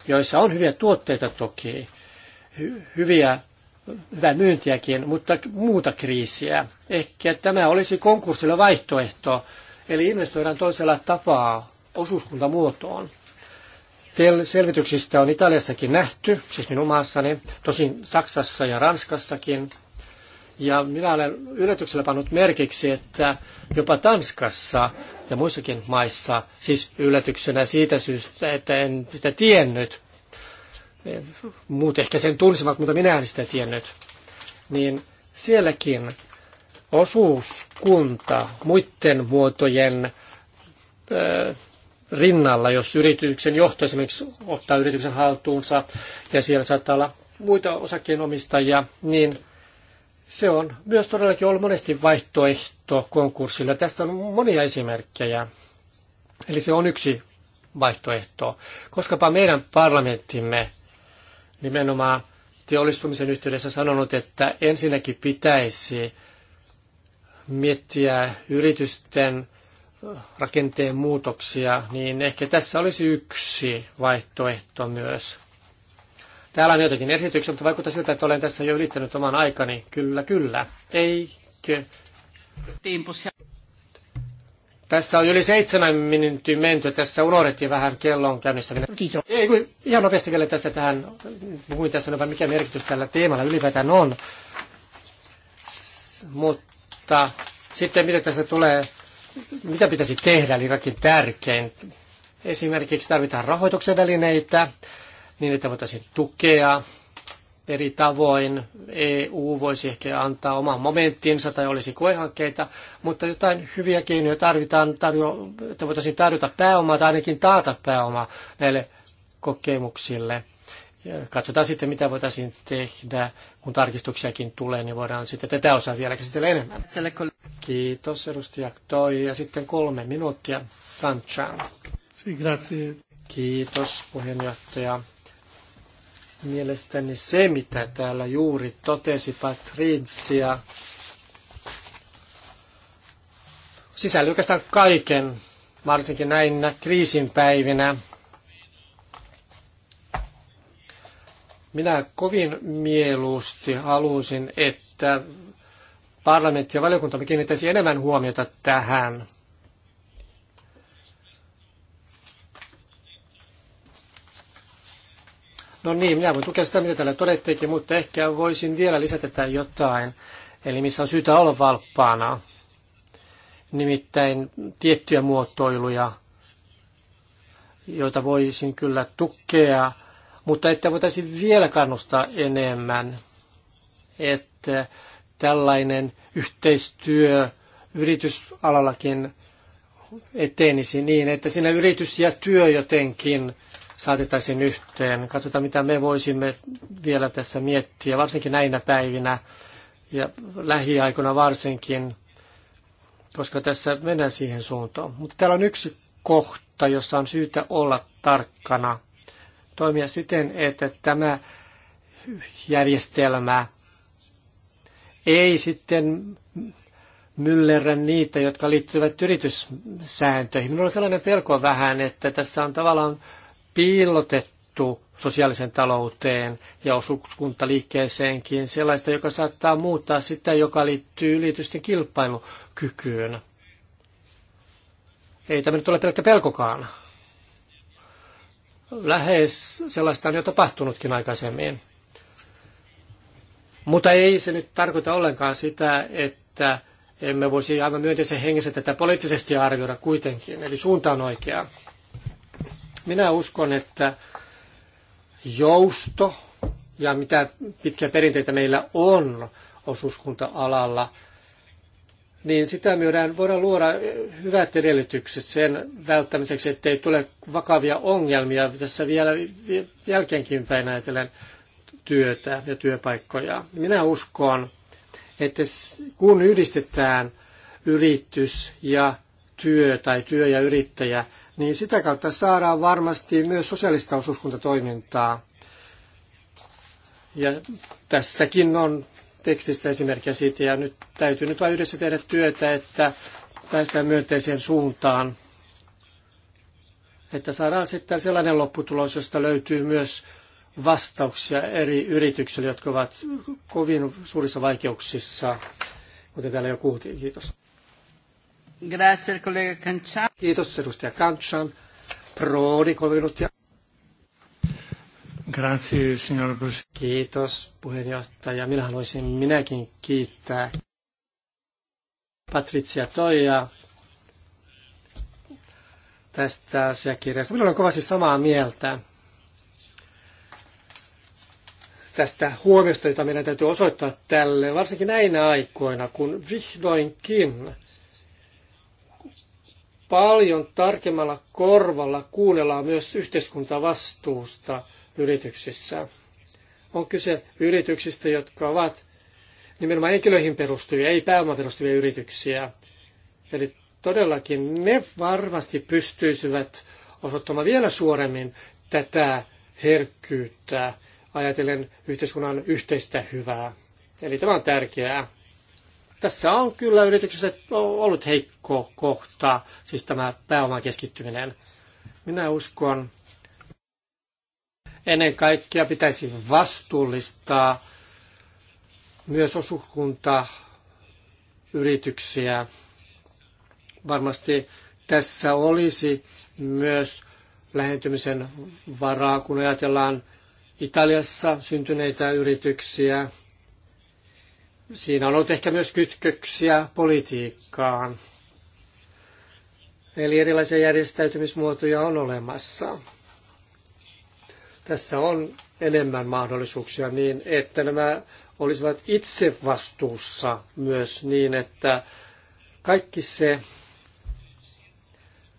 joissa on hyviä tuotteita toki, hy- hyviä, hyvää myyntiäkin, mutta muuta kriisiä. Ehkä tämä olisi konkurssilla vaihtoehto, eli investoidaan toisella tapaa osuuskuntamuotoon. TEL-selvityksistä on Italiassakin nähty, siis minun maassani, tosin Saksassa ja Ranskassakin. Ja minä olen yllätyksellä pannut merkiksi, että jopa Tanskassa ja muissakin maissa, siis yllätyksenä siitä syystä, että en sitä tiennyt, muut ehkä sen tunsivat, mutta minä en sitä tiennyt, niin sielläkin osuuskunta muiden muotojen rinnalla, jos yrityksen johto esimerkiksi ottaa yrityksen haltuunsa ja siellä saattaa olla muita osakkeenomistajia, niin se on myös todellakin ollut monesti vaihtoehto konkurssille. Tästä on monia esimerkkejä. Eli se on yksi vaihtoehto. Koskapa meidän parlamenttimme nimenomaan teollistumisen yhteydessä sanonut, että ensinnäkin pitäisi miettiä yritysten rakenteen muutoksia, niin ehkä tässä olisi yksi vaihtoehto myös. Täällä on jotakin esityksiä, mutta vaikuttaa siltä, että olen tässä jo ylittänyt oman aikani. Kyllä, kyllä. Eikö? Tässä on yli seitsemän minuuttia menty, tässä unohdettiin vähän kellon käynnistäminen. Ei, kun ihan nopeasti vielä tästä tähän, puhuin tässä, no, mikä merkitys tällä teemalla ylipäätään on. S mutta sitten mitä tässä tulee, mitä pitäisi tehdä, eli kaikkein tärkein. Esimerkiksi tarvitaan rahoituksen välineitä, niin että voitaisiin tukea eri tavoin. EU voisi ehkä antaa oman momenttinsa tai olisi koehankkeita, mutta jotain hyviä keinoja tarvitaan, tarjo- että voitaisiin tarjota pääomaa tai ainakin taata pääoma näille kokemuksille. Ja katsotaan sitten, mitä voitaisiin tehdä, kun tarkistuksiakin tulee, niin voidaan sitten tätä osaa vielä käsitellä enemmän. Kiitos edustaja Toi ja sitten kolme minuuttia Kanchan. Kiitos puheenjohtaja mielestäni se, mitä täällä juuri totesi Patricia, sisälly oikeastaan kaiken, varsinkin näinä kriisin päivinä. Minä kovin mieluusti halusin, että parlamentti ja valiokunta kiinnittäisi enemmän huomiota tähän. No niin, minä voin tukea sitä, mitä täällä todetteekin, mutta ehkä voisin vielä lisätä tätä jotain. Eli missä on syytä olla valppaana. Nimittäin tiettyjä muotoiluja, joita voisin kyllä tukea, mutta että voitaisiin vielä kannustaa enemmän, että tällainen yhteistyö yritysalallakin etenisi niin, että siinä yritys ja työ jotenkin saatettaisiin yhteen. Katsotaan, mitä me voisimme vielä tässä miettiä, varsinkin näinä päivinä ja lähiaikoina varsinkin, koska tässä mennään siihen suuntaan. Mutta täällä on yksi kohta, jossa on syytä olla tarkkana. Toimia siten, että tämä järjestelmä ei sitten myllerrä niitä, jotka liittyvät yrityssääntöihin. Minulla on sellainen pelko vähän, että tässä on tavallaan piilotettu sosiaalisen talouteen ja osuuskuntaliikkeeseenkin sellaista, joka saattaa muuttaa sitä, joka liittyy yritysten kilpailukykyyn. Ei tämä nyt ole pelkkä pelkokaan. Lähes sellaista on jo tapahtunutkin aikaisemmin. Mutta ei se nyt tarkoita ollenkaan sitä, että emme voisi aivan myönteisen hengessä tätä poliittisesti arvioida kuitenkin. Eli suunta on oikea. Minä uskon, että jousto ja mitä pitkä perinteitä meillä on osuuskunta-alalla, niin sitä myöden voidaan luoda hyvät edellytykset sen välttämiseksi, ettei tule vakavia ongelmia tässä vielä jälkeenkin päin ajatellen työtä ja työpaikkoja. Minä uskon, että kun yhdistetään yritys ja työ tai työ ja yrittäjä, niin sitä kautta saadaan varmasti myös sosiaalista osuuskuntatoimintaa. Ja tässäkin on tekstistä esimerkkiä siitä, ja nyt täytyy nyt vain yhdessä tehdä työtä, että päästään myönteiseen suuntaan, että saadaan sitten sellainen lopputulos, josta löytyy myös vastauksia eri yrityksille, jotka ovat kovin suurissa vaikeuksissa, kuten täällä jo kuultiin. Kiitos. Grazie, kollega Kanchan. Kiitos, edustaja Kanchan. Proodi, kolme minuuttia. Grazie, signor Kiitos, puheenjohtaja. Minä haluaisin minäkin kiittää Patricia Toia, tästä asiakirjasta. Minä olen kovasti samaa mieltä tästä huomiosta, jota meidän täytyy osoittaa tälle, varsinkin näinä aikoina, kun vihdoinkin paljon tarkemmalla korvalla kuunnellaan myös yhteiskuntavastuusta yrityksissä. On kyse yrityksistä, jotka ovat nimenomaan henkilöihin perustuvia, ei pääomaan perustuvia yrityksiä. Eli todellakin ne varmasti pystyisivät osoittamaan vielä suoremmin tätä herkkyyttä ajatellen yhteiskunnan yhteistä hyvää. Eli tämä on tärkeää. Tässä on kyllä yrityksessä ollut heikko kohta, siis tämä pääoman keskittyminen. Minä uskon, ennen kaikkea pitäisi vastuullistaa myös osuuskunta yrityksiä. Varmasti tässä olisi myös lähentymisen varaa, kun ajatellaan Italiassa syntyneitä yrityksiä, Siinä on ollut ehkä myös kytköksiä politiikkaan. Eli erilaisia järjestäytymismuotoja on olemassa. Tässä on enemmän mahdollisuuksia niin, että nämä olisivat itse vastuussa myös niin, että kaikki se,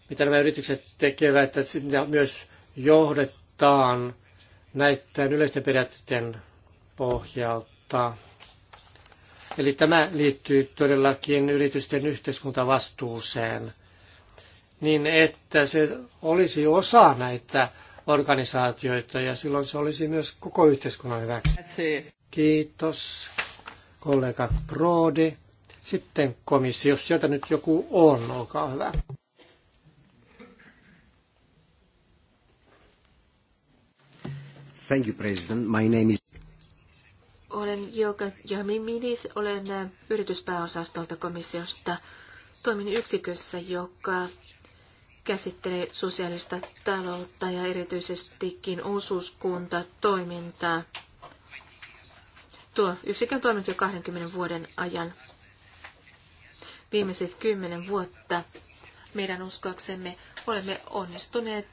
mitä nämä yritykset tekevät, että sitä myös johdetaan näiden yleisten periaatteiden pohjalta. Eli tämä liittyy todellakin yritysten yhteiskuntavastuuseen, niin että se olisi osa näitä organisaatioita ja silloin se olisi myös koko yhteiskunnan hyväksi. Kiitos kollega Brode. Sitten komissio, jos sieltä nyt joku on, olkaa hyvä. Thank you, President. My name is... Olen Joka Jamiminis, olen äh, yrityspääosastolta komissiosta. Toimin yksikössä, joka käsittelee sosiaalista taloutta ja erityisestikin osuuskuntatoimintaa. Tuo yksikö on toiminut jo 20 vuoden ajan. Viimeiset 10 vuotta meidän uskoaksemme olemme onnistuneet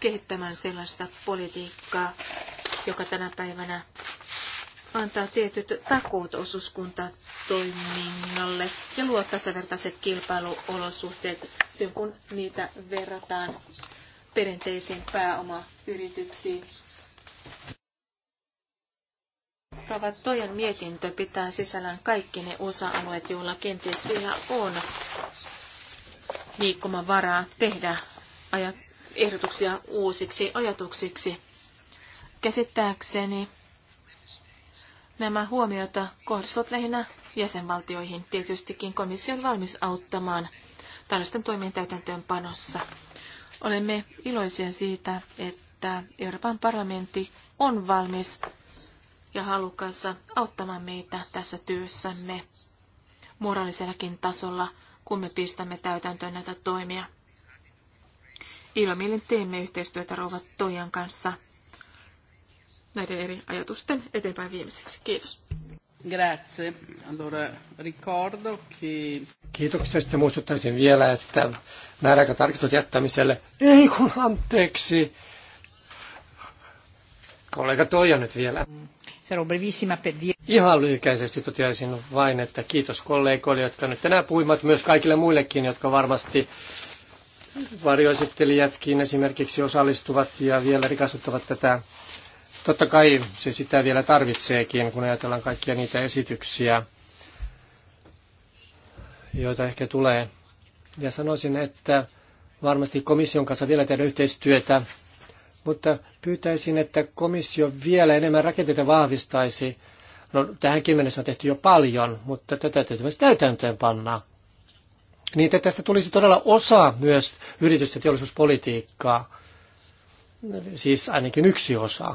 kehittämään sellaista politiikkaa, joka tänä päivänä antaa tietyt takuut osuuskuntatoiminnalle ja luo tasavertaiset kilpailuolosuhteet silloin, kun niitä verrataan perinteisiin pääomayrityksiin. Rova Tojan mietintö pitää sisällään kaikki ne osa-alueet, joilla kenties vielä on varaa tehdä ajat, ehdotuksia uusiksi ajatuksiksi. Käsittääkseni Nämä huomiota kohdistuvat lähinnä jäsenvaltioihin. Tietystikin komissio on valmis auttamaan tällaisten toimien täytäntöönpanossa. Olemme iloisia siitä, että Euroopan parlamentti on valmis ja halukas auttamaan meitä tässä työssämme moraalisellakin tasolla, kun me pistämme täytäntöön näitä toimia. Ilomielin teemme yhteistyötä rouva Toijan kanssa – näiden eri ajatusten eteenpäin viemiseksi. Kiitos. Grazie. Allora, ricordo che... Kiitoksesta muistuttaisin vielä, että määräaika tarkistut jättämiselle. Ei kun anteeksi. Kollega Toija nyt vielä. Sarò brevissima per dire. Ihan lyhykäisesti toteaisin vain, että kiitos kollegoille, jotka nyt tänään puhuivat, myös kaikille muillekin, jotka varmasti varjoesittelijätkin esimerkiksi osallistuvat ja vielä rikastuttavat tätä Totta kai se sitä vielä tarvitseekin, kun ajatellaan kaikkia niitä esityksiä, joita ehkä tulee. Ja sanoisin, että varmasti komission kanssa vielä tehdä yhteistyötä, mutta pyytäisin, että komissio vielä enemmän rakenteita vahvistaisi. No, tähänkin mennessä on tehty jo paljon, mutta tätä täytyy myös täytäntöön panna. Niin, että tästä tulisi todella osa myös yritysten teollisuuspolitiikkaa, siis ainakin yksi osa.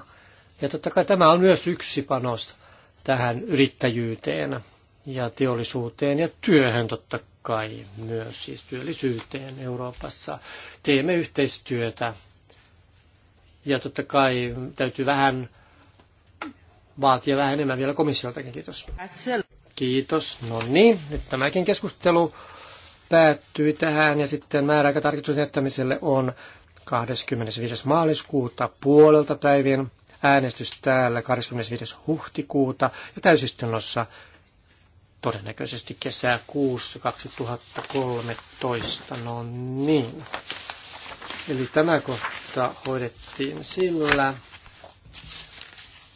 Ja totta kai tämä on myös yksi panos tähän yrittäjyyteen ja teollisuuteen ja työhön totta kai myös, siis työllisyyteen Euroopassa. Teemme yhteistyötä ja totta kai täytyy vähän vaatia vähän enemmän vielä komissioltakin. Kiitos. Kiitos. No niin, nyt tämäkin keskustelu päättyy tähän ja sitten määräaikatarkistuksen jättämiselle on 25. maaliskuuta puolelta päivin äänestys täällä 25. huhtikuuta ja täysistunnossa todennäköisesti kesäkuussa 2013. No niin. Eli tämä kohta hoidettiin sillä.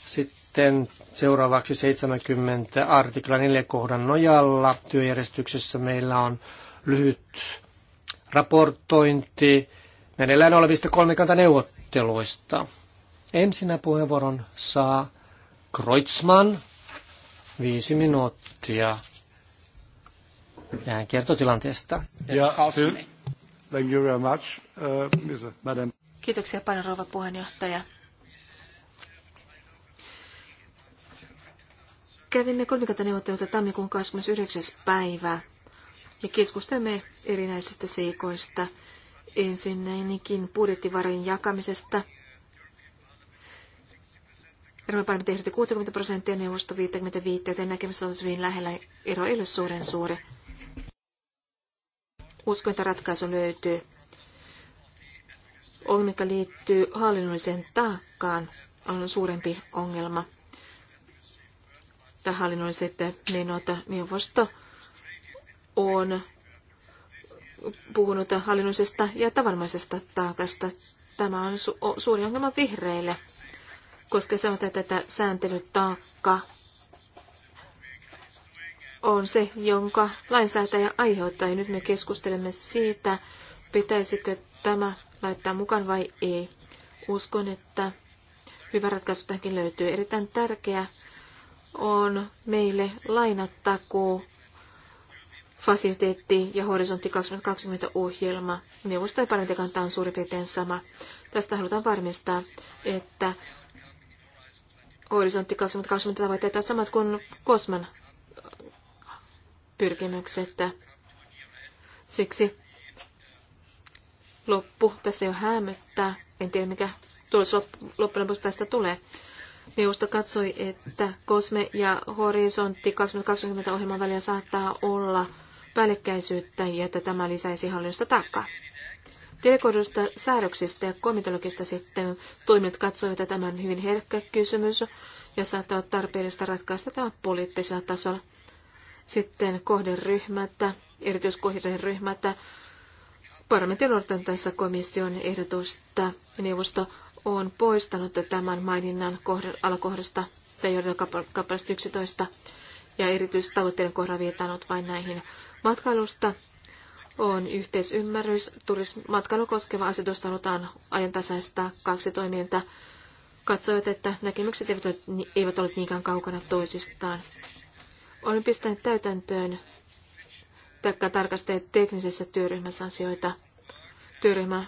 Sitten seuraavaksi 70 artikla 4 kohdan nojalla työjärjestyksessä meillä on lyhyt raportointi meneillään olevista kolmikantaneuvotteluista. Ensinnä puheenvuoron saa Kreutzmann, viisi minuuttia. Tähän kiertotilanteesta. Ja, thank you very much, uh, madam. Kiitoksia paljon rouva puheenjohtaja. Kävimme kolmikantaneuvotteluita tammikuun 29. päivä ja keskustelimme erinäisistä seikoista. Ensinnäkin budjettivarojen jakamisesta – Euroopan parlamentti ehdotti 60 prosenttia, neuvosto 55, joten näkemys on hyvin lähellä. Ero ei ole suuren suuri. Uskon, että ratkaisu löytyy. Ongelma, liittyy hallinnolliseen taakkaan, on suurempi ongelma. Tämä hallinnolliset menot neuvosto on puhunut hallinnollisesta ja tavanomaisesta taakasta. Tämä on su- suuri ongelma vihreille koska sanotaan tätä sääntelytaakka on se, jonka lainsäätäjä aiheuttaa. Ja nyt me keskustelemme siitä, pitäisikö tämä laittaa mukaan vai ei. Uskon, että hyvä ratkaisu tähänkin löytyy. Erittäin tärkeä on meille lainattakuu fasiliteetti ja horisontti 2020 ohjelma. Neuvosto ja parlamentin on suurin piirtein sama. Tästä halutaan varmistaa, että horisontti 2020 tavoitteet ovat samat kuin Kosman pyrkimykset. Siksi loppu tässä jo hämöttää. En tiedä, mikä tulos loppujen lopuksi tästä tulee. Neuvosto katsoi, että Kosme ja Horisontti 2020 ohjelman välillä saattaa olla päällekkäisyyttä ja että tämä lisäisi hallinnosta taakkaa. Telekohdusta säädöksistä ja komitologista sitten toimijat katsoivat, että tämä on hyvin herkkä kysymys ja saattaa olla tarpeellista ratkaista tämä poliittisella tasolla. Sitten kohderyhmät, erityiskohderyhmät, parlamentin on tässä komission ehdotusta. Neuvosto on poistanut tämän maininnan alakohdasta tai kappalasta 11 ja erityistavoitteiden kohdalla viitannut vain näihin matkailusta on yhteisymmärrys. Turismatkailu koskeva asetus halutaan ajantasaistaa kaksi toiminta katsoivat, että näkemykset eivät ole, eivät ole niinkään kaukana toisistaan. Olen pistänyt täytäntöön taikka teknisessä työryhmässä asioita. Työryhmä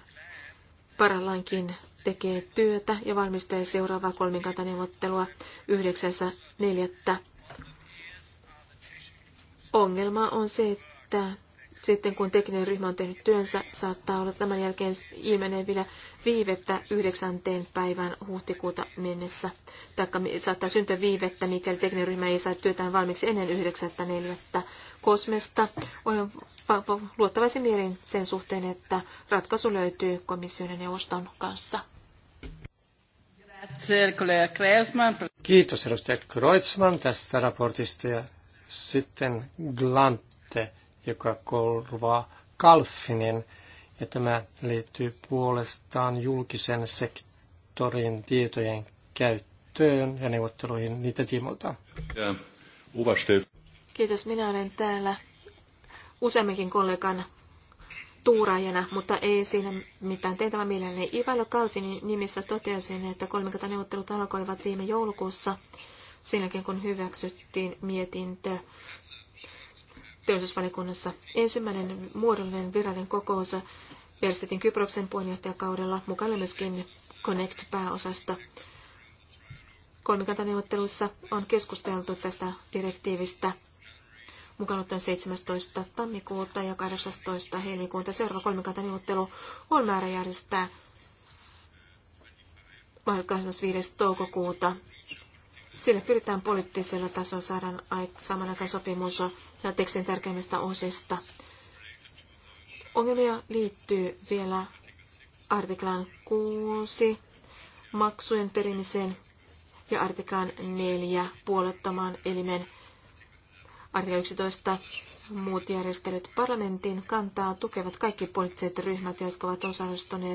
parallaankin tekee työtä ja valmistaa seuraavaa neuvottelua 9.4. Ongelma on se, että sitten kun tekninen ryhmä on tehnyt työnsä, saattaa olla tämän jälkeen ilmenevillä viivettä yhdeksänteen päivän huhtikuuta mennessä. Taikka saattaa syntyä viivettä, mikäli tekninen ryhmä ei saa työtään valmiiksi ennen 9.4. Kosmesta olen luottavaisin mielin sen suhteen, että ratkaisu löytyy komission ja neuvoston kanssa. Kiitos edustaja Kreutzmann tästä raportista ja sitten Glant joka korvaa Kalfinin, ja tämä liittyy puolestaan julkisen sektorin tietojen käyttöön ja neuvotteluihin niitä tiimoilta. Kiitos, minä olen täällä useamminkin kollegan tuuraajana, mutta ei siinä mitään tehtävä mielelläni. Ivalo Kalfinin nimissä totesin, että neuvottelut alkoivat viime joulukuussa silläkin kun hyväksyttiin mietintö teollisuusvaliokunnassa. Ensimmäinen muodollinen virallinen kokous järjestettiin Kyproksen puheenjohtajakaudella, mukana myöskin Connect-pääosasta. Kolmikantaneuvotteluissa on keskusteltu tästä direktiivistä mukana 17. tammikuuta ja 18. helmikuuta. Seuraava kolmikantaneuvottelu on määrä järjestää 25. toukokuuta sillä pyritään poliittisella tasolla saada saman aikaan sopimus ja tekstin tärkeimmistä osista. Ongelmia liittyy vielä artiklan 6 maksujen perimiseen ja artiklan 4 puolettoman elimen artikla 11 muut järjestelyt parlamentin kantaa tukevat kaikki poliittiset ryhmät, jotka ovat osallistuneet